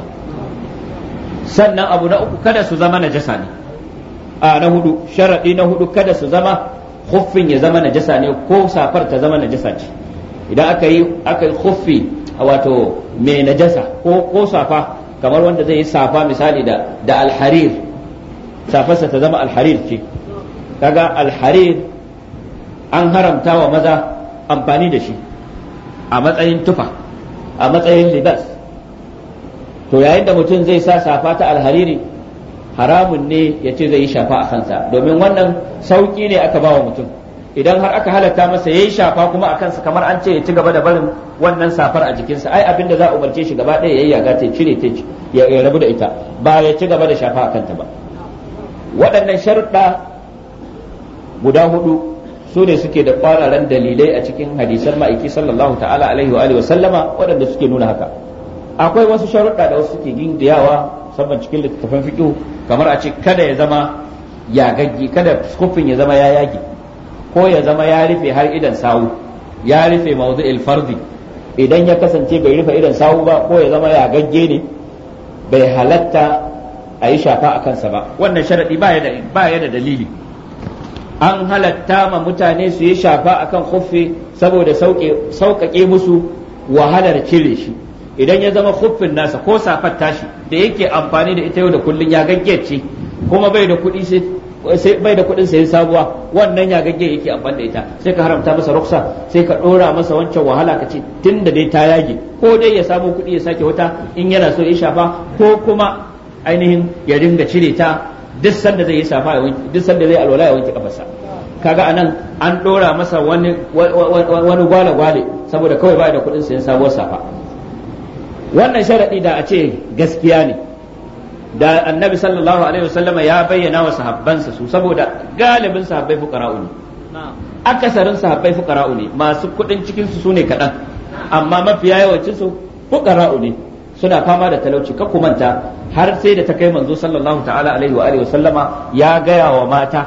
sannan abu na uku kada su zama na jasa ne a na hudu sharaɗi na hudu kada su zama hufin ya zama na jasa ne ko safar ta zama na jasa ce idan aka yi aka yi wato mai najasa ko ko safa kamar wanda zai yi safa misali da alharir safarsa ta zama alharir ce kaga alharir an haramta wa maza amfani da shi a matsayin tufa a matsayin libas to yayin da mutum zai sa safa ta alhariri haramun ne ya ce zai yi shafa a kansa domin wannan sauƙi ne aka ba wa mutum idan har aka halatta masa ya yi shafa kuma a kansa kamar an ce ya ci gaba da barin wannan safar a jikinsa ai abinda za a umarce shi gaba ɗaya ya yi yaga ta cire ta ya rabu da ita ba ya ci gaba da shafa a kanta ba waɗannan sharuɗa guda hudu su ne suke da ƙwararren dalilai a cikin hadisan ma'aiki sallallahu ta'ala alaihi wa alihi sallama waɗanda suke nuna haka akwai wasu sharuɗa da wasu suke gindiyawa musamman cikin littattafan fiqh kamar a ce kada ya zama ya gaggi kada kufin ya zama ya yage ko ya zama ya rufe har idan sawu ya rufe mawdu'il ilfarzi idan ya kasance bai rufe idan sawu ba ko ya zama ya gagge ne bai halatta a yi shafa a kansa ba wannan sharaɗi ba ya da dalili an halatta ma mutane su yi shafa a kan khuffi saboda sauƙaƙe musu wahalar cire shi idan ya zama kuffin nasa ko safar tashi da yake amfani da ita yau da kullun ya ce kuma bai da kuɗi sai bai da kuɗin sayan sabuwa wannan ya gagge yake amfani da ita sai ka haramta masa ruksa sai ka ɗora masa wancan wahala ka ce tunda dai ta yage ko dai ya samu kuɗi ya sake wuta in yana so ya shafa ko kuma ainihin ya ringa cire ta duk sanda zai yi safa ya wanke duk sanda zai alwala ya wanke kafarsa kaga anan an dora masa wani wani gwale gwale saboda kawai ba da kuɗin sayan sabuwar safa wannan sharadi da a ce gaskiya ne da annabi sallallahu alaihi wasallama ya bayyana wa sahabbansa su saboda galibin sahabbai fuqara'u ne akasarin sahabbai fuqara'u ne masu kuɗin cikin su sune kaɗan amma mafiya yawancin su fuqara'u ne suna fama da talauci ka manta har sai da ta kai manzo sallallahu ta'ala alaihi wa alihi sallama ya gaya wa mata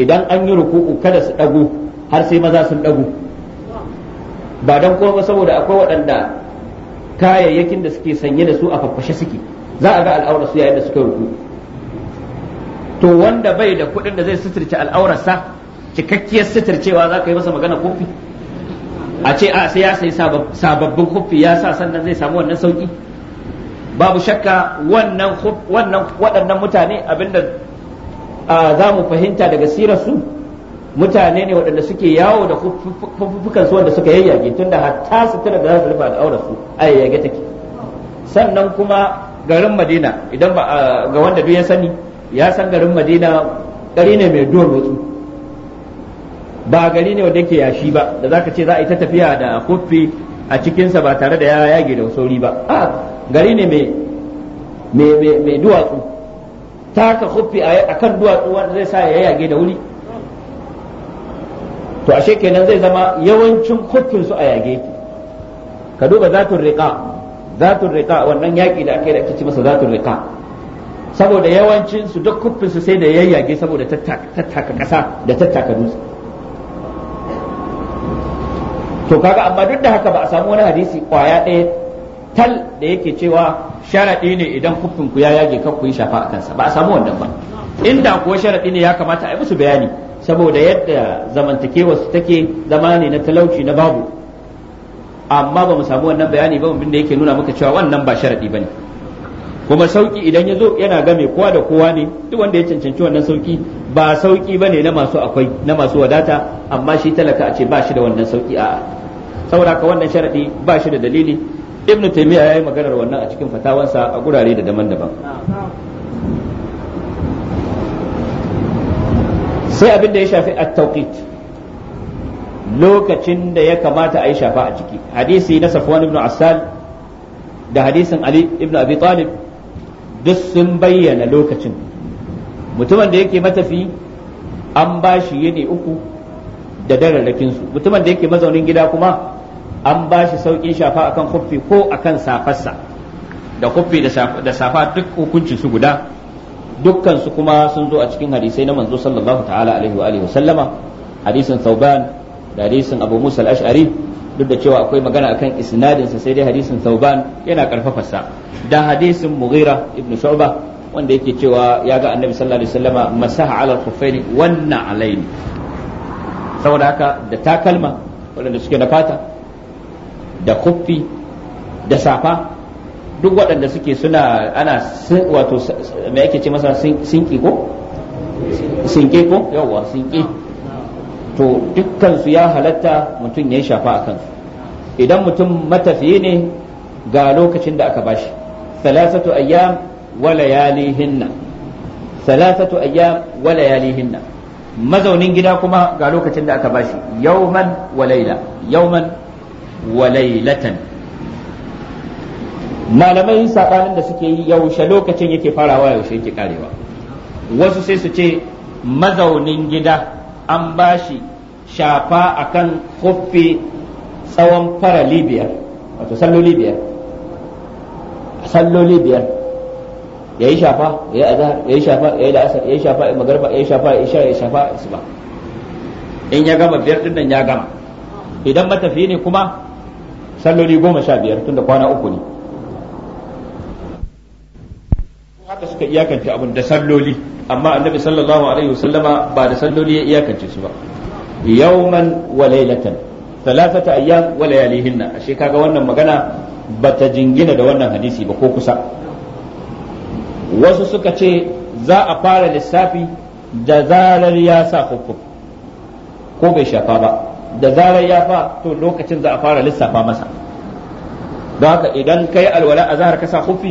idan an yi ruku'u kada su dago har sai maza sun dago ba dan kowa ba saboda akwai waɗanda kayayyakin da suke sanye da su a faffashe suke za a ga al'aura su yayin da suke ruku to wanda bai da kuɗin da zai suturce al'aurarsa cikakkiyar suturcewa za ka yi masa magana kofi a ce a sai ya sai sababbin huffi ya sa sannan zai samu wannan sauki babu shakka wannan wannan waɗannan mutane abinda za mu fahimta daga sirar mutane ne waɗanda suke yawo da huffukan wanda suka yayyage tunda hatta sutura da za su da su a yayyage take sannan kuma garin madina idan ba ga wanda duk ya sani ya san garin madina ɗari ne mai duwar wasu ba gari ne wanda yake yashi ba da zaka ce za a yi ta tafiya da kuffi a cikinsa ba tare da ya yage da sauri ba a gari ne mai duwatsu taka kuffi a kan duwatsu wanda zai sa ya yage da wuri to ashe kenan zai zama yawancin kuffin su a yage ka duba zatun riqa zatun riqa wannan yaki da aka yi da ake ci masa zatun riqa saboda yawancin su duk kuffin su sai da yayyage saboda tattaka kasa da tattaka dutse to kaga amma duk da haka ba a samu wani hadisi kwaya ɗaya tal da yake cewa sharaɗi ne idan kuffin ku ya yage kan ku yi shafa a kansa ba a samu wannan ba inda kuwa sharaɗi ne ya kamata a yi musu bayani saboda yadda zamantakewar su take zama ne na talauci na babu amma ba mu samu wannan bayani ba mun da yake nuna maka cewa wannan ba sharaɗi bane kuma sauki idan ya zo yana game kowa da kowa ne duk wanda ya cancanci wannan sauki ba sauki ba ne na masu akwai na masu wadata amma shi talaka a ce ba shi da wannan sauki a saboda ka wannan sharadi ba shi da dalili ibn taymiya yayi maganar wannan a cikin fatawansa a gurare da daban-daban sai abin da ya shafi at-tawqit lokacin da ya kamata a yi shafa a ciki hadisi na safwan ibn asal da hadisin ali ibn abi talib duk sun bayyana lokacin mutumin da yake matafi an ba shi yini uku da dararrakin su mutumin da yake mazaunin gida kuma an ba shi sauƙin shafa akan kuffi ko akan safarsa da kuffi da safa duk hukuncin su guda dukkan su kuma sun zo a cikin hadisai na manzo sallallahu ta'ala alaihi wa alihi wa sallama hadisin thauban da hadisin abu musa al-ash'ari duk da cewa akwai magana akan isnadin sa sai dai hadisin Thauban yana sa da hadisin Mughira ibn Shu'bah wanda yake cewa ya ga Annabi sallallahu alaihi wasallama masaha ala al-khuffaini wan na'alaini saboda haka da takalma waɗanda suke na fata da kuffi da safa duk waɗanda suke suna ana wato me ake ce masa sinki ko sinki ko yawwa sinki to dukkansu ya halatta mutum ya yi shafa a kansu idan mutum matafiye ne ga lokacin da aka bashi salasatu ayyam wa layalihinna salasatu ayyam wa layalihinna mazaunin gida kuma ga lokacin da aka bashi yauman wa layla yauman wa lailatan malamai sabanin da suke yi yaushe lokacin yake farawa yaushe yake karewa wasu sai su ce mazaunin gida an ba shi shafa a kan khuffi tsawon fara biyar wato salloli biyar salloli biyar ya yi shafa ya yi azhar ya yi shafa ya yi la'asar ya yi shafa ya magarba ya yi shafa ya isha ya shafa ya asuba in ya gama biyar din nan ya gama idan matafi ne kuma salloli goma sha biyar tunda kwana uku ne haka suka iyakance abin da salloli amma annabi sallallahu alaihi wasallama ba da sandoli ya iyakance su ba yawman wa laylatan thalathata ayyam wa layalihinna ashe kaga wannan magana bata jingina da wannan hadisi ba ko kusa wasu suka ce za a fara lissafi da zarar ya sa hukum ko bai shafa ba da zarar ya fa to lokacin za a fara lissafa masa don haka idan kai alwala a zahar ka sa hufi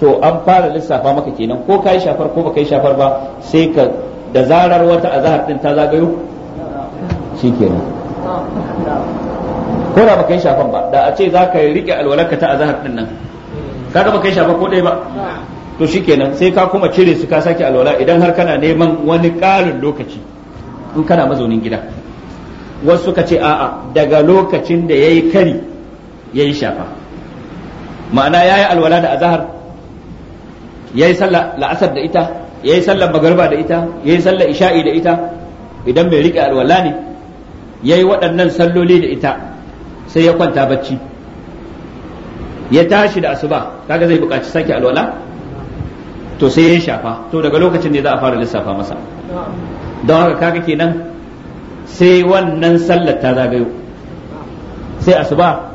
to an fara lissafa maka kenan ko kai shafar ko baka yi shafar ba sai ka da zarar wata azhar din ta zagayo kenan ko da baka yi shafan ba da a ce za ka rike alwalarka ta azhar din nan kaga baka yi shafa ko dai ba to shi kenan sai ka kuma cire su ka sake alwala idan har kana neman wani ƙarin lokaci in kana mazaunin gida wasu ka ce a'a daga lokacin da yayi kari yayi shafa ma'ana ya yi alwala da azahar yayi sallar la'asar da ita yayi sallar magarba da ita yayi sallar isha'i da ita idan bai rike alwala ne yayi waɗannan salloli da ita sai ya kwanta bacci ya tashi da asuba kaga zai buƙaci sake alwala to sai ya shafa to daga lokacin ne za a fara lissafa masa don haka kaga kenan sai wannan sallar ta zagayo sai asuba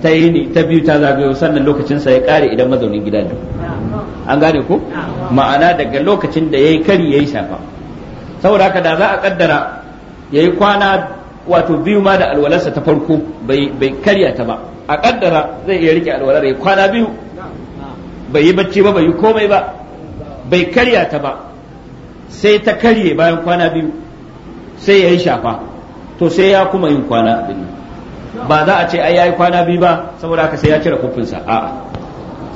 ta yi ta biyu ta zagayo sannan lokacinsa ya ƙare idan mazaunin gida ne an gane ko ah. ma'ana daga lokacin da yayi kari yayi shafa saboda haka da za a kaddara yayi kwana wato biyu ma da alwalarsa ta farko bai bai karya ta ba a kaddara zai iya rike alwalar ya kwana biyu bai yi bacci ba bai yi komai ba bai karya ta ba sai ta karye bayan kwana biyu sai ya yi shafa to sai ya kuma yin kwana ba za a ce ai yayi kwana biyu ba saboda haka sai ya cire kufinsa a'a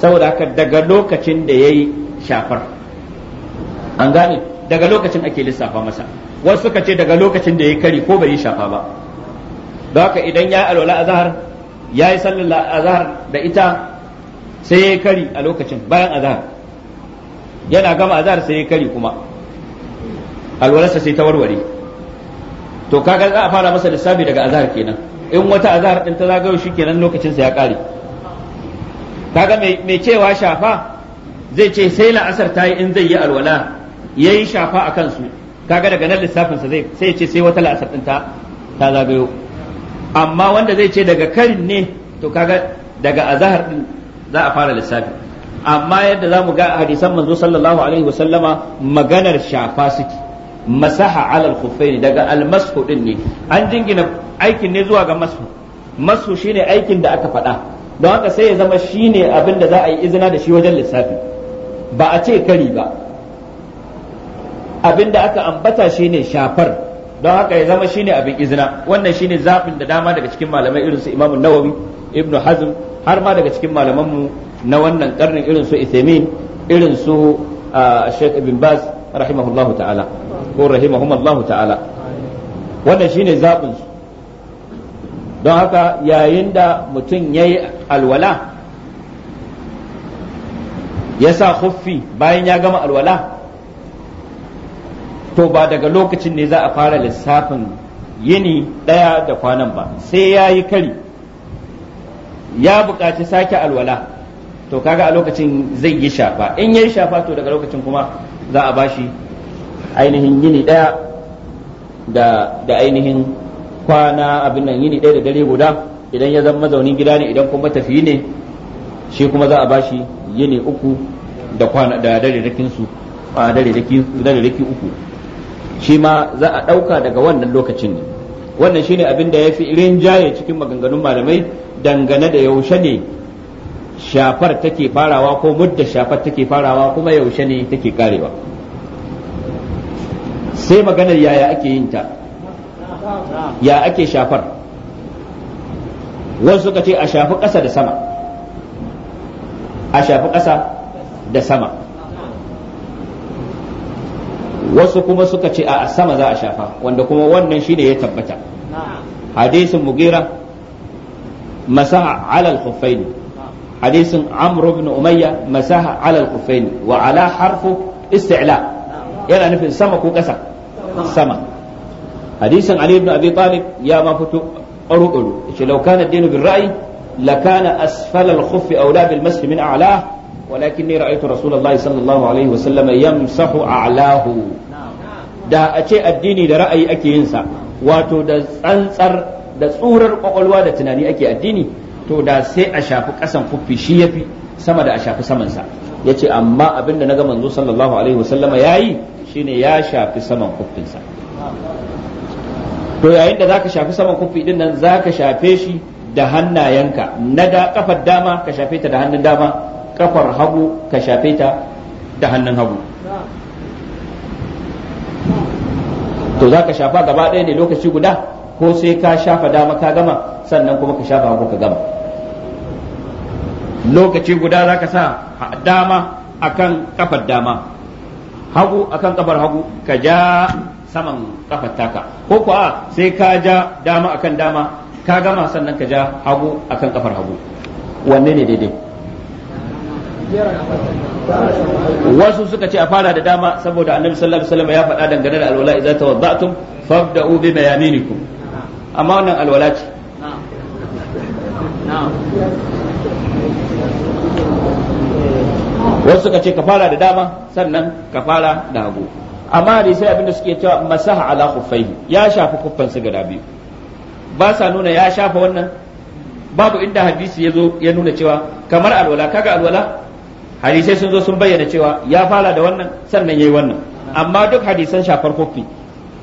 saboda haka daga lokacin da ya yi shafar an gane daga lokacin ake lissafa masa wasu suka ce daga lokacin da ya kari ko bai yi shafa ba don haka idan ya alwala azhar ya yi sallar azhar da ita sai ya kari a lokacin bayan azhar yana gama azhar sai ya kari kuma alwalarsa sai ta warware to kaga za a fara masa lissafi daga azhar kenan in wata azhar din ta zagayo kenan lokacin sa ya kare kaga mai cewa shafa zai ce sai la'asar ta yi in zai yi alwala ya yi shafa a kansu kaga daga nan lissafinsa zai sai ce sai wata la'asar ɗin ta ta zagayo amma wanda zai ce daga karin ne to kaga daga azahar ɗin za a fara lissafi amma yadda za mu ga a hadisan manzo sallallahu alaihi wasallama maganar shafa suke masaha alal khuffaini daga almashu din ne an jingina aikin ne zuwa ga masu masu shine aikin da aka faɗa don haka sai ya zama shi ne abin da za a yi izina da shi wajen lissafi ba a ce kari ba abin da aka ambata shi ne shafar don haka ya zama shi ne abin izina wannan shi ne zafin da dama daga cikin malamai irin su Imam Nawawi Ibn Hazm har ma daga cikin malamanmu na wannan karnin irin su Uthaymeen irin su Sheikh Ibn Baz rahimahullahu ta'ala ko rahimahumallahu ta'ala wannan shi ne zaɓinsu. don haka yayin da mutum ya yi alwala ya sa huffi bayan ya gama alwala to ba daga lokacin ne za a fara lissafin yini ɗaya da kwanan ba sai ya yi kari ya buƙaci sake alwala to kaga a lokacin zai yi shafa in ya yi shafa to daga lokacin kuma za a bashi ainihin yini ɗaya da ainihin kwana abin nan yini ɗaya da dare guda idan ya zama mazaunin gida ne idan kuma tafi ne shi kuma za a bashi yini uku da kwana da dare da su a dare da dare uku shi ma za a ɗauka daga wannan lokacin ne wannan shine abin da ya fi rinjaye cikin maganganun malamai dangane da yaushe ne shafar take farawa ko mudda shafar take farawa kuma yaushe ne take karewa sai maganar yaya ake yin ta ya ake shafar wasu suka ce a shafi ƙasa da sama a shafi ƙasa da sama wasu kuma suka ce a sama za a shafa wanda kuma wannan shine ya tabbata hadisin mugira masaha alal khuffain hadisin amr ibn umayya masaha alal khuffain wa ala harfu isti'la yana nufin sama ko ƙasa sama hadisin ali ibn abi ya ma fito ƙaru ƙaru yace law kana dinu bil ra'i lakana asfala al khuff awla a'la ولكني رأيت رسول الله صلى الله عليه وسلم يمسح أعلاه da a ce addini da ra'ayi ake yin sa wato da tsantsar da tsurar kwakwalwa da tunani ake addini to da sai a shafi kasan kuffi shi yafi sama da a shafi saman sa yace amma abin da ga manzo sallallahu alaihi wasallama yayi shine ya shafi saman kuffin sa to yayin da zaka shafi saman kufi din nan zaka shafe shi da hannayenka na da kafar dama ka shafe ta da hannun dama kafar hagu ka shafe ta da hannun hagu to zaka shafa gaba ɗaya ne lokaci guda ko sai ka shafa dama ka gama sannan kuma ka shafa hagu ka gama lokaci guda zaka sa dama akan kafar dama hagu akan kafar hagu ka ja saman kafar taka ko ko a sai ka ja dama akan dama ka gama sannan ka ja hagu akan kafar hagu wanne ne daidai wasu suka ce a fara da dama saboda annabi sallallahu alaihi wasallam ya faɗa dangane da alwala idza tawadda'tum fabda'u bi mayaminikum amma wannan alwala ce wasu suka ce ka fara da dama sannan ka fara da hagu amma da sai abinda suke cewa masaha ala khuffaihi ya shafa su gada biyu ba sa nuna ya shafa wannan babu inda hadisi ya ya nuna cewa kamar alwala kaga alwala hadisai sun zo sun bayyana cewa ya fara da wannan sannan yayi wannan amma duk hadisan shafar kuffi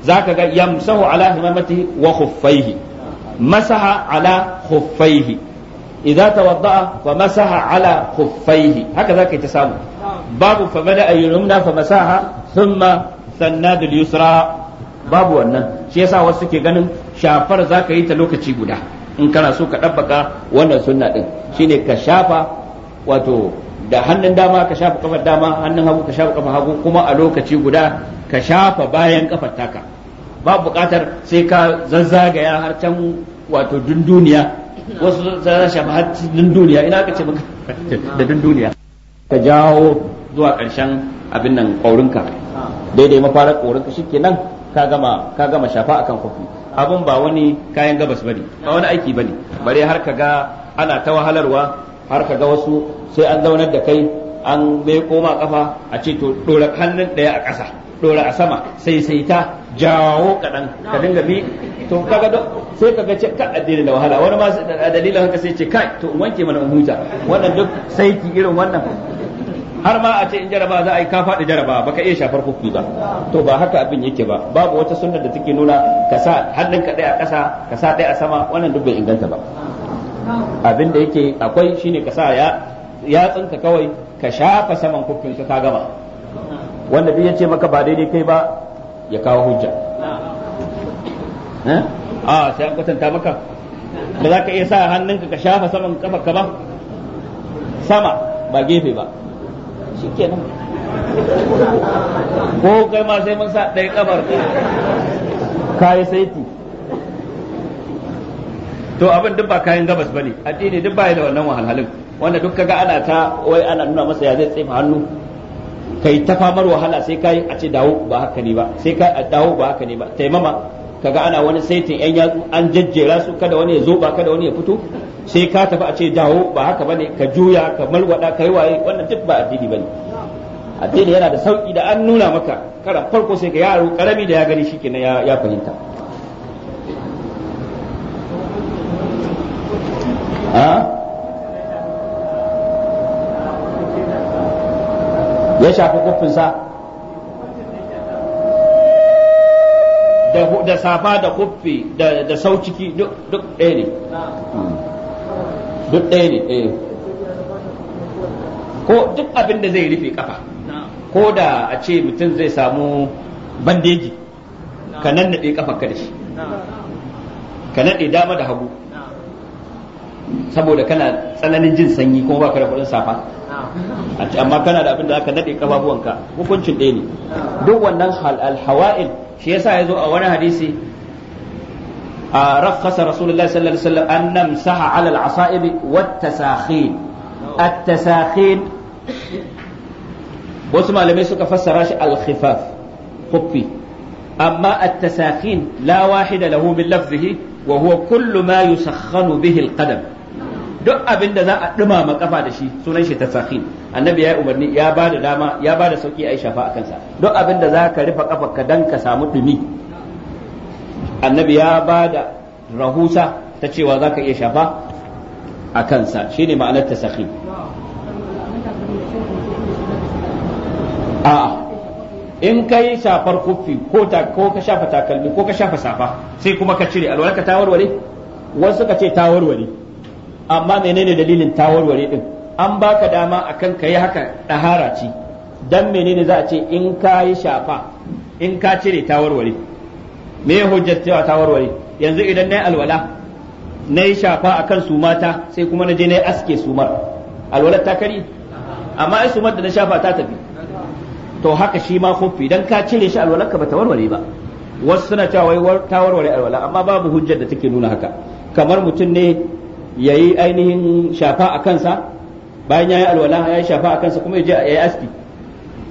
zaka ga yamsahu ala himamatihi wa khuffaihi masaha ala khuffaihi idza tawadda'a fa masaha ala khuffaihi haka zaka ta samu babu fa bada ayyumna fa masaha thumma sannadul yusra babu wannan shi yasa wasu suke ganin shafar zaka yi ta lokaci guda in kana so ka dabbaka wannan sunna din shine ka shafa wato da hannun dama ka shafa kafar dama hannun hagu ka shafa kafar hagu kuma a lokaci guda ka shafa bayan kafar taka ba buƙatar sai ka zazzagaya har can wato dunduniya wasu za shafa har dunduniya ina ka ce maka da dunduniya ka jawo zuwa ƙarshen abin nan ƙaurinka daidai mafarar korinka shikenan ka gama ka gama shafa akan kofi abun ba wani kayan gabas ne ba wani aiki ne bare har ka ga ana ta wahalarwa har ka ga wasu sai an zaunar da kai an bai koma kafa a ce to dora hannun daya a ƙasa dora a sama sai sai ta jawo kadan ka dinga bi to kaga sai kaga ce ka addini da wahala wani ma dalilin haka sai ce kai to wanke mana huta wannan duk ki irin wannan har ma a ce in jaraba za a yi ka faɗi jaraba baka iya shafar hukumi ba to ba haka abin yake ba babu wata sunna da take nuna ka sa hannunka ɗaya a ƙasa ka sa ɗaya a sama wannan duk bai inganta ba abin da yake akwai shine ka sa ya tsinka kawai ka shafa saman hukun ka gama wanda duk yace maka ba daidai kai ba ya kawo hujja eh? a sai an kwatanta maka ba za ka iya sa hannunka ka shafa saman kafa ka ba sama ba gefe ba shikenan ko kai ma sai mun sa ɗaya ka yi saiti to abin duk ba kayan gabas ba ne addini duk ba da wannan wahalhalin wanda duk kaga ana ta wai ana nuna masa ya zai tsefa hannu kai ta famar wahala sai kai a ce dawo ba haka ne ba sai kai a dawo ba haka ne ba taimama kaga ana wani saitin yan yatsu an jajjera su kada wani ya zo ba kada wani ya fito sai ka tafi a ce dawo ba haka bane ka juya ka malwada kai waye wannan duk ba addini bane addini yana da sauki da an nuna maka karan farko sai ga yaro karami da ya gani shikenan ya ya fahimta ya shafi sa. da safa da kuffi da sauciki duk ɗaya ne duk ɗaya ne eh. ko duk abin da zai rufe kafa ko da a ce mutum zai samu bandeji ka nan naɗe kafa ka da shi ka naɗe dama da hagu saboda kana tsananin jin sanyi kuma ba ka da kudin safa amma kana da abin da aka naɗe kafafuwanka hukuncin ɗaya ne duk wannan alhawa'il shi yasa ya zo a wani hadisi a rakhasa rasulullahi sallallahu alaihi wasallam an namsaha ala al-asa'ib wat-tasakhin at-tasakhin wasu malamai suka fassara shi al-khifaf khuffi amma at-tasakhin la wahida lahu min lafzihi wa huwa kullu ma yusakhkhanu bihi al-qadam duk abinda za a dumama kafa da shi sunan shi tasakhin annabi ya yi umarni ya ba da dama ya ba da sauki a yi shafa a kansa duk abin da za ka rufe kafarka dan ka samu dumi annabi ya ba da rahusa ta cewa za ka iya shafa a kansa shine ma'anar sahi a in ka yi shafar kufi ko ka shafa takalmi ko ka shafa safa sai kuma ka cire alwala ka ta warware wasu ka ce ta warware amma menene dalilin ta warware din an baka dama akan ka yi haka ɗahara ce dan menene za a ce in ka yi shafa in ka cire ta warware me hujjar cewa ta warware yanzu idan na yi alwala na yi shafa a kan sumata sai kuma na je na yi aske sumar alwalar ta kari amma ai sumar da na shafa ta tafi to haka shi ma kofi dan ka cire shi alwalar ka ta warware ba wasu suna cewa wai ta warware alwala amma babu hujjar da take nuna haka kamar mutum ne yayi ainihin shafa a kansa bayan ya yi alwala ya yi shafa a kansa kuma ya je a yi aski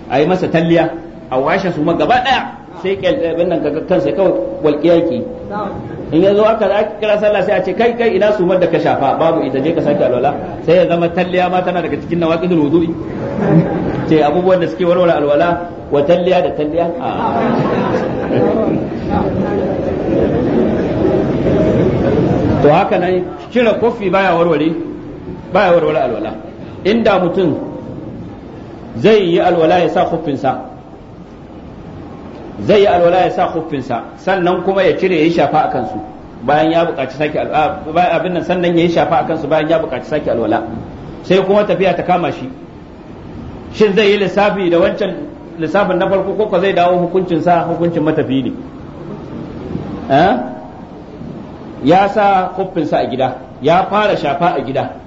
a yi masa talliya a washe su ma gaba daya sai ɗaya eh, nan kaga kansa kawai walƙiya ke. in ya zo aka kira sallah sai a ce kai kai ina sumar da ka shafa babu ita je ka sake alwala sai ya zama talliya ma tana daga cikin nawaqidul wudu'i ce abubuwan da suke warware alwala wa talliya da talliya to haka nan kira kofi baya warware baya warware alwala inda mutum zai yi alwala ya sa kuffinsa zai yi alwala ya sa kuffinsa sannan kuma ya cire ya yi shafa a kansu bayan ya buƙaci sake alwala abin nan sannan ya yi shafa a kansu bayan ya buƙaci sake alwala sai kuma tafiya ta kama shi shin zai yi lissafi da wancan lissafin na farko ko zai dawo hukuncin sa hukuncin matafi ne eh? ya sa kuffinsa a gida ya fara shafa a gida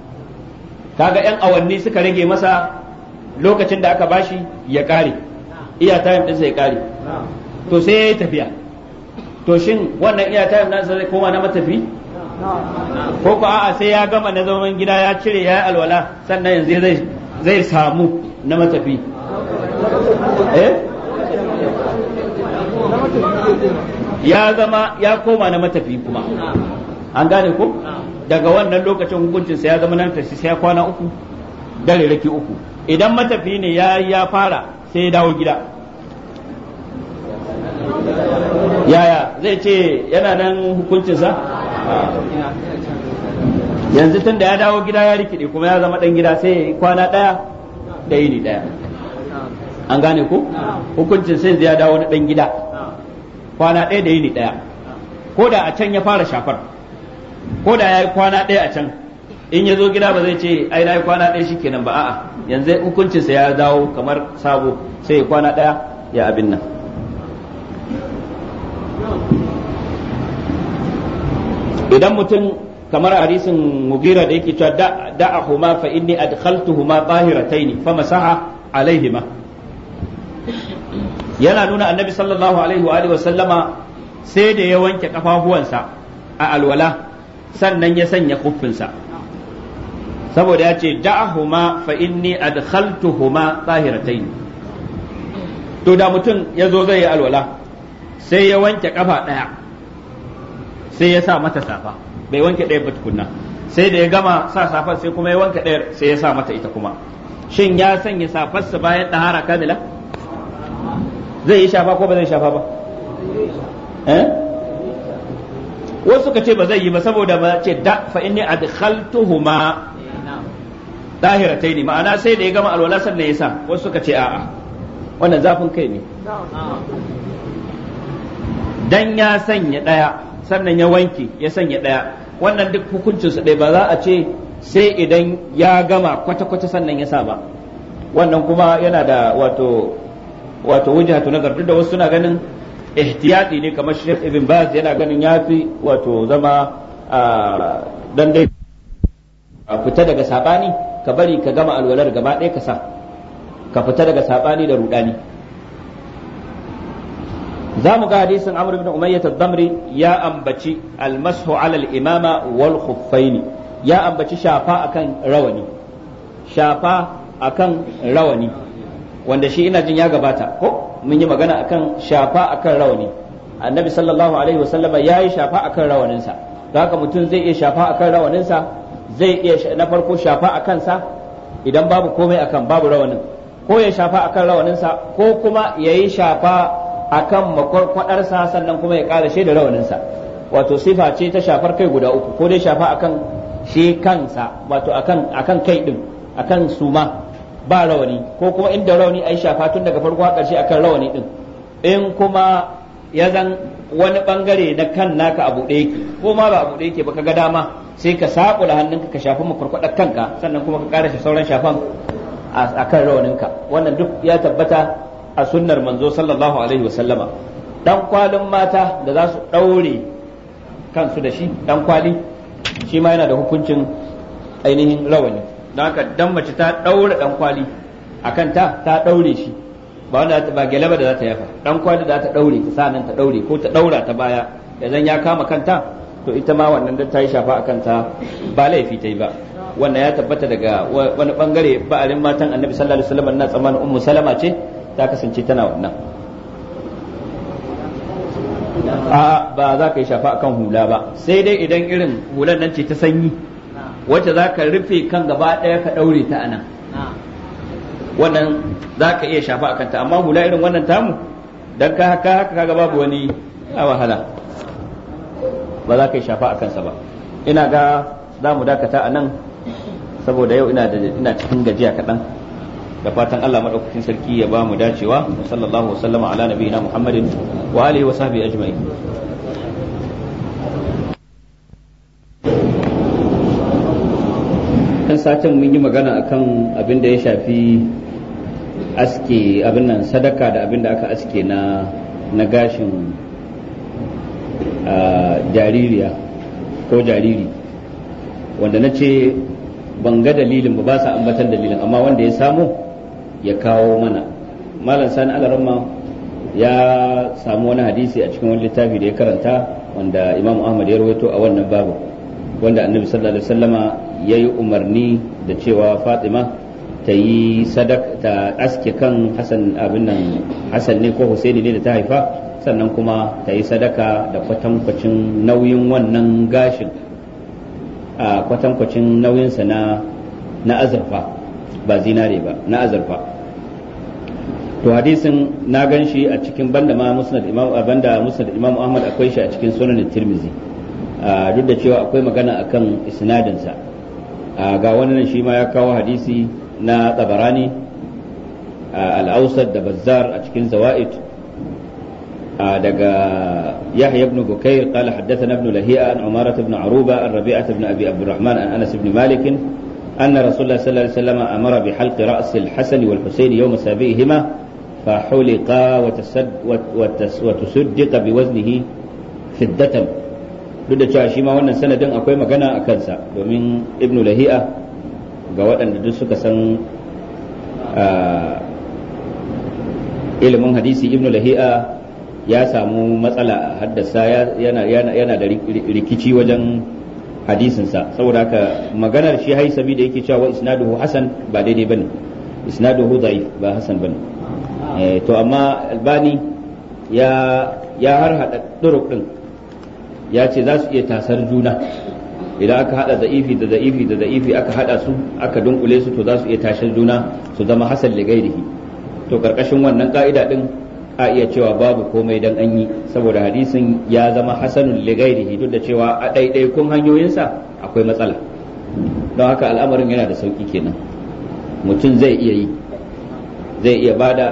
kaga yan awanni suka rage masa lokacin da aka bashi ya kare iya tayin din sai ya kare to sai yi tafiya to shin wannan iya tayin nan sai koma na matafi ko ko a'a sai ya gama na zaman gida ya cire ya alwala sannan yanzu zai zai samu na matafi eh ya zama ya koma na matafi kuma an gane ko daga wannan lokacin hukuncin sa ya zama nan tashi sai kwana uku dare raki uku idan matafi ne ya ya fara sai ya dawo gida yaya zai ce yana nan hukuncin sa yanzu tun da ya dawo gida ya rikide kuma ya zama dan gida sai kwana daya da yini daya an gane ko hukuncin sai ya dawo na dan gida kwana daya da yini daya ko da a can ya fara shafar ko da ya yi kwana ɗaya a can in ya zo gida ba zai ce ai na yi kwana ɗaya shi kenan ba a'a yanzu hukuncinsa ya dawo kamar sabo sai ya kwana ɗaya ya abin nan idan mutum kamar hadisin mugira da yake cewa da'ahuma fa inni adkhaltuhuma ne fa masaha alaihima yana nuna annabi sallallahu alaihi wa sallama sai da ya wanke kafafuwansa a alwala sannan ya sanya kuffinsa saboda ya ce da'ahuma fa inni adkhaltuhuma tahiratayn to da mutum ya zo zai yi alwala sai ya wanke kafa daya sai ya sa mata safa bai wanke ɗaya ba tukunna sai da ya gama sa safar sai kuma ya wanke daya sai ya sa mata ita kuma shin ya sanya safar sa bayan ɗahara kamila zai yi shafa ko ba zai shafa ba eh wasu suka ce ba zai yi ba saboda ba ce da fa inni adkhaltuhuma dahirataini ma'ana sai da ya gama alwala sannan ya sa wasu suka ce a'a wannan zafin kai ne dan ya sanya daya sannan ya wanke ya sanya daya wannan duk hukuncin su ɗaya ba za a ce sai idan ya gama kwata-kwata sannan ya sa ba wannan kuma yana da wato wato wujhatu nagar duk da wasu suna ganin ihtiyati ne kamar Sheikh Ibn Baz yana ganin yafi wato zama dan dai a fita daga sabani ka bari ka gama alwalar gaba ɗaya ka sa ka fita daga sabani da rudani za mu ga hadisin Amr ibn Umayyah ad-Damri ya ambaci al-mashu 'ala al-imama wal khuffaini ya ambaci shafa akan rawani shafa akan rawani wanda shi ina jin ya gabata ko mun yi magana akan shafa akan rawani annabi sallallahu alaihi wasallama ya yi shafa akan rawaninsa don haka mutum zai iya shafa akan rawaninsa zai iya na farko shafa a kansa idan babu komai akan babu rawanin ko ya shafa akan rawaninsa ko kuma ya yi shafa akan makwarkwadarsa sannan kuma ya ƙara shi da rawaninsa wato sifa ce ta shafar kai guda uku ko dai shafa akan shi kansa wato akan kai din akan suma ba rawani ko kuma inda rawani a yi shafa tun daga farko har ƙarshe akan rawani din in kuma ya zan wani bangare na kan naka abu ɗaya yake ko ma ba abu ɗaya yake ba ka ga dama sai ka saƙula hannunka ka shafi makwarkwadar kanka sannan kuma ka ƙara sauran shafan akan kan rawaninka wannan duk ya tabbata a sunnar manzo sallallahu alaihi wa sallama dan kwalin mata da za su ɗaure kansu da shi dan kwali shi ma yana da hukuncin ainihin rawani don haka dan mace ta daura dan kwali akan ta ta daure shi ba wanda ba gelaba da za ta yafa dan kwali da ta daure ta sanan ta daure ko ta daura ta baya idan ya kama kanta to ita ma wannan da ta yi shafa akan ta ba laifi ta yi ba wannan ya tabbata daga wani bangare ba'arin matan annabi sallallahu alaihi wasallam na tsamanin ummu salama ce ta kasance tana wannan a ba za ka yi shafa akan hula ba sai dai idan irin hulan nan ce ta sanyi wacce za ka rufe kan gaba ɗaya ka ɗaure ta anan wannan za ka iya shafa a kanta amma hula irin wannan tamu don ka haka haka gaba babu wani a wahala ba za ka yi shafa a kansa ba ina ga za mu dakata a nan saboda yau ina cikin gajiya kaɗan da fatan Allah maɗaukakin sarki ya ba mu dacewa sallallahu wasallama ala nabiyina muhammadin wa alihi wa sahbihi ajma'in wannan satin mun yi magana akan abin da ya shafi aske abin nan sadaka da abin da aka aske na na gashin ah, jaririya ko jariri wanda na ce ban ga dalilin ba ba sa ambatan dalilin amma wanda ya samu ya kawo mana malam sani alarama ya samu wani hadisi a cikin wani littafi da ya karanta wanda imam ahmad ya rawaito a wannan babu wanda annabi sallallahu alaihi wasallama ya yi umarni da cewa fatima ta yi sadaka ta aske kan hasan abin nan hasan ne ko husaini ne da ta haifa sannan kuma ta yi sadaka da kwatankwacin nauyin wannan gashin a kwatankwacin nauyinsa na na azurfa ba zinare ba na azurfa to hadisin na gan shi a cikin banda musnad imam banda musnad ahmad akwai shi a cikin sunan tirmizi duk da cewa akwai magana akan isnadinsa ga wannan shi ma ya kawo hadisi na tsabarani al'ausar da bazzar a cikin zawa'id daga yahya ibn bukair qala haddathana ibn lahiya an umara ibn aruba an rabi'a ibn abi abdurrahman an anas ibn malik أن رسول الله صلى الله عليه وسلم أمر بحلق رأس الحسن والحسين يوم سابئهما فحلقا وتسدق بوزنه فدة duk da cewa shi ma wannan sanadin akwai magana a kansa domin ibnu lahi'a ga waɗanda duk suka san ilimin hadisi ibnu lahi'a ya samu matsala a haddasa yana da rikici wajen hadisinsa saboda haka maganar shi haisabi da yake cewa isnaduhu hasan ba daidai bane isnaduhu da'if ba hasan bane eh, to amma albani ya ya har haɗa duruk ɗin. ya ce za su iya tasar juna idan aka hada za'ifi da da'ifi da za'ifi aka hada su aka dunkule su to za su iya tashar juna su zama hasan ligairihi to karkashin wannan ka'ida din a iya cewa babu komai dan an yi saboda hadisin ya zama hasanun ligairihi duk da cewa a hanyoyin sa akwai matsala don haka al'amarin yana da sauki kenan mutum zai iya yi zai iya bada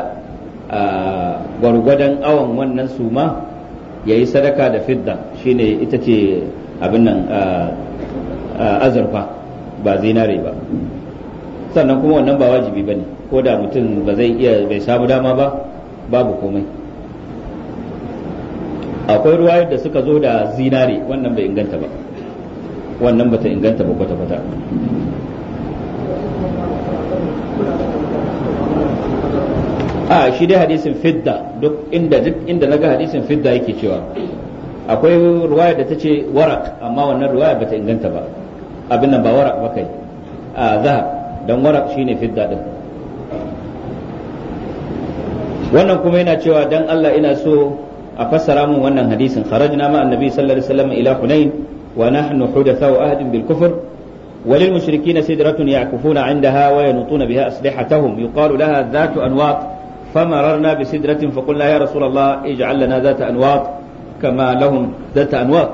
ah, gwargwadon awon wannan suma ya yi sadaka da fidda shine ita ce abin nan azurfa ba zinare ba sannan kuma wannan ba wajibi ba ne ko da mutum ba zai iya bai samu dama ba babu komai akwai ruwayar da suka zo da zinare wannan bai inganta ba wannan bata inganta ba kwata-kwata a shi dai hadisin fidda duk inda duk inda naga hadisin fidda yake cewa akwai ruwaya da ta ce warak amma wannan ruwaya bata inganta ba abin nan ba warak ba kai a zahab dan warak shine fidda din wannan kuma yana cewa dan Allah ina so a fassara mun wannan hadisin kharajna ma annabi sallallahu alaihi wasallam ila hunain wa nahnu hudathau ahdin bil kufr وللمشركين سدرة يعكفون عندها وينوطون بها أسلحتهم يقال لها ذات أنواط فمررنا بسدرة فقلنا يا رسول الله اجعل لنا ذات أنواط كما لهم ذات أنواط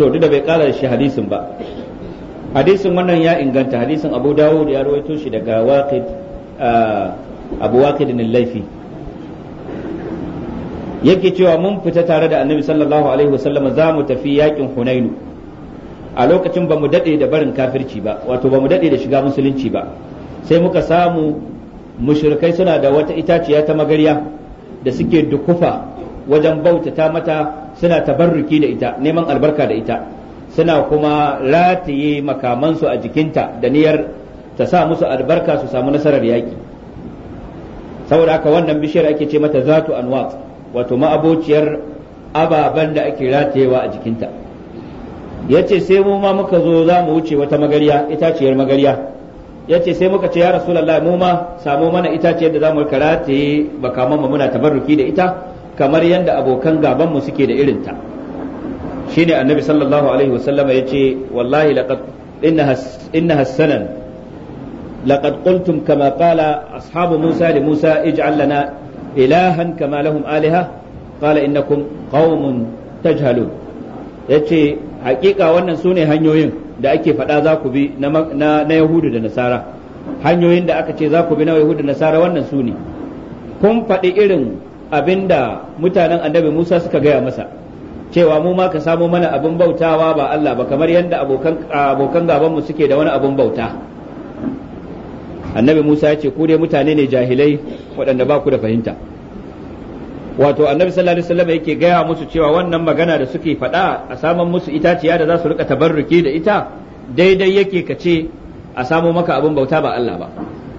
to duk da bai kara shi hadisin ba hadisin wannan ya inganta hadisin abu dawud ya rawaito shi daga waqid ah, abu waqid laifi yake cewa mun fita tare da annabi sallallahu alaihi wasallam za mu tafi yakin hunainu a lokacin ba mu dade da barin kafirci ba wato ba mu dade da shiga musulunci ba sai muka samu mushrikai suna da wata itaciya ta magarya da suke dukufa wajen bautata mata suna tabarruki da ita neman albarka da ita suna kuma rataye makamansu a jikinta da niyyar ta sa musu albarka su samu nasarar yaki saboda haka wannan bishiyar ake ce mata zatu anwat wato ma'abociyar ababen da ake ratayewa a jikinta ya ce sai mu ma muka zo za mu wuce wata magarya itaciyar magarya ya ce sai muka ce ya rasulullahi mu ma samu mana ita ce yadda zamu ba makaman mu muna tabarruki da ita kamar yadda abokan gaban mu suke da irin ta shine annabi sallallahu alaihi wasallam ce wallahi laqad inna hasanan sanan laqad qultum kama qala ashabu musa da musa ij'al lana ilahan kama lahum alaha qala innakum qaumun tajhalun yace hakika wannan su ne hanyoyin da ake faɗa za ku bi na yahudu da nasara hanyoyin da aka ce za ku bi na yahudu da nasara wannan su ne kun faɗi irin abin da mutanen annabi musa suka gaya masa cewa mu ma ka samo mana abin bautawa ba allah ba kamar yadda abokan gabanmu suke da wani abin bauta annabi musa ya ce ku dai mutane ne jahilai waɗanda ba ku da fahimta wato annabi sallallahu alaihi wasallam yake gaya musu cewa wannan magana da suke faɗa a saman musu itaciya da za su rika tabarruki da ita daidai yake ka ce a samo maka abin bauta ba Allah ba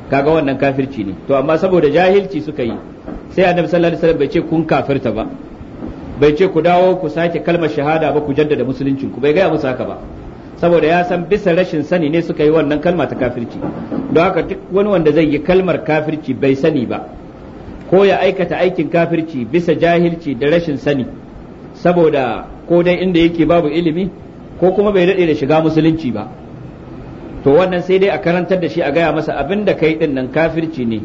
kaga wannan kafirci ne to amma saboda jahilci suka yi sai annabi sallallahu alaihi wasallam bai ce kun kafirta ba bai ce ku dawo ku sake kalmar shahada ba ku jaddada musulunci ku bai gaya musu haka ba saboda ya san bisa rashin sani ne suka yi wannan kalma ta kafirci don haka duk wani wanda zai yi kalmar kafirci bai sani ba ko ya aikata aikin kafirci bisa jahilci da rashin sani saboda ko dai inda yake babu ilimi ko kuma bai daɗe da shiga musulunci ba to wannan sai dai a karantar da shi a gaya masa abin da kai din nan kafirci ne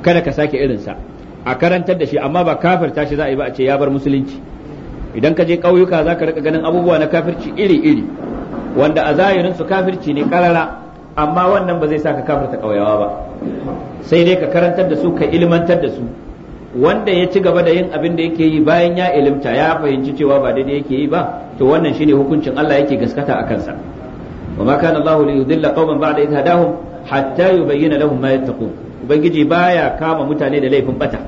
kada ka sake irinsa a karantar da shi amma ba kafirta shi za a yi ba a ce ya bar musulunci idan ka je ƙauyuka za ka rika ganin abubuwa na kafirci iri-iri wanda a zahirin su kafirci ne karara amma wannan ba zai sa ka kafarta ƙauyawa ba sai dai ka karantar da su ka ilmantar da su wanda ya ci gaba da yin abin da yake yi bayan ya ilimta ya fahimci cewa ba daidai yake yi ba to wannan shine hukuncin Allah yake gaskata a kansa wa ma kana Allah li yudilla qauman ba'da idh hadahum hatta yubayyana lahum ma ubangiji baya kama mutane da laifin bata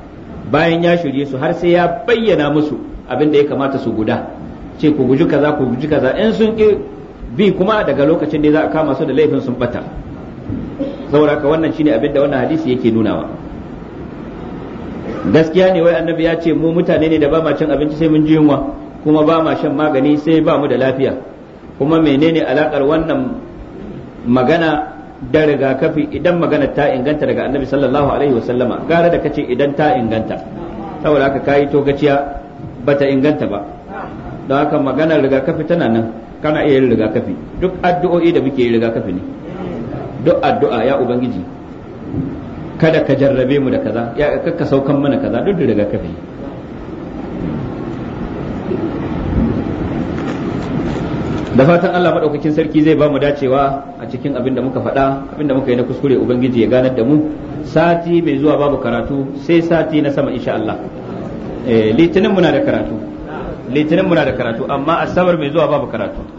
bayan ya shirye su har sai ya bayyana musu abin da ya kamata su guda ce ku guji kaza ku guji kaza in sun ki bi kuma daga lokacin da za a kama su da laifin sun bata saboda ka wannan shine abin da wannan hadisi yake nunawa gaskiya ne wai annabi ya ce mu mutane ne da ba ma cin abinci sai mun ji yunwa kuma ba ma shan magani sai ba mu da lafiya kuma menene alakar wannan magana da rigakafi idan magana ta inganta daga annabi sallallahu alaihi wasallama gara da kace idan ta inganta saboda haka kayi togaciya gaciya bata inganta ba da haka maganar rigakafi tana nan kana iya yin rigakafi duk addu'o'i da muke yi rigakafi ne duk addu'a ya ubangiji kada ka jarrabe mu da kaza ya kakka saukan mana kaza duk da rigakafi da fatan Allah madaukakin sarki zai ba mu dacewa a cikin abin da muka faɗa abin da muka yi na kuskure ubangiji ya ganar da mu sati mai zuwa babu karatu sai sati na sama insha Allah eh, litinin muna da karatu litinin muna da karatu amma asabar mai zuwa babu karatu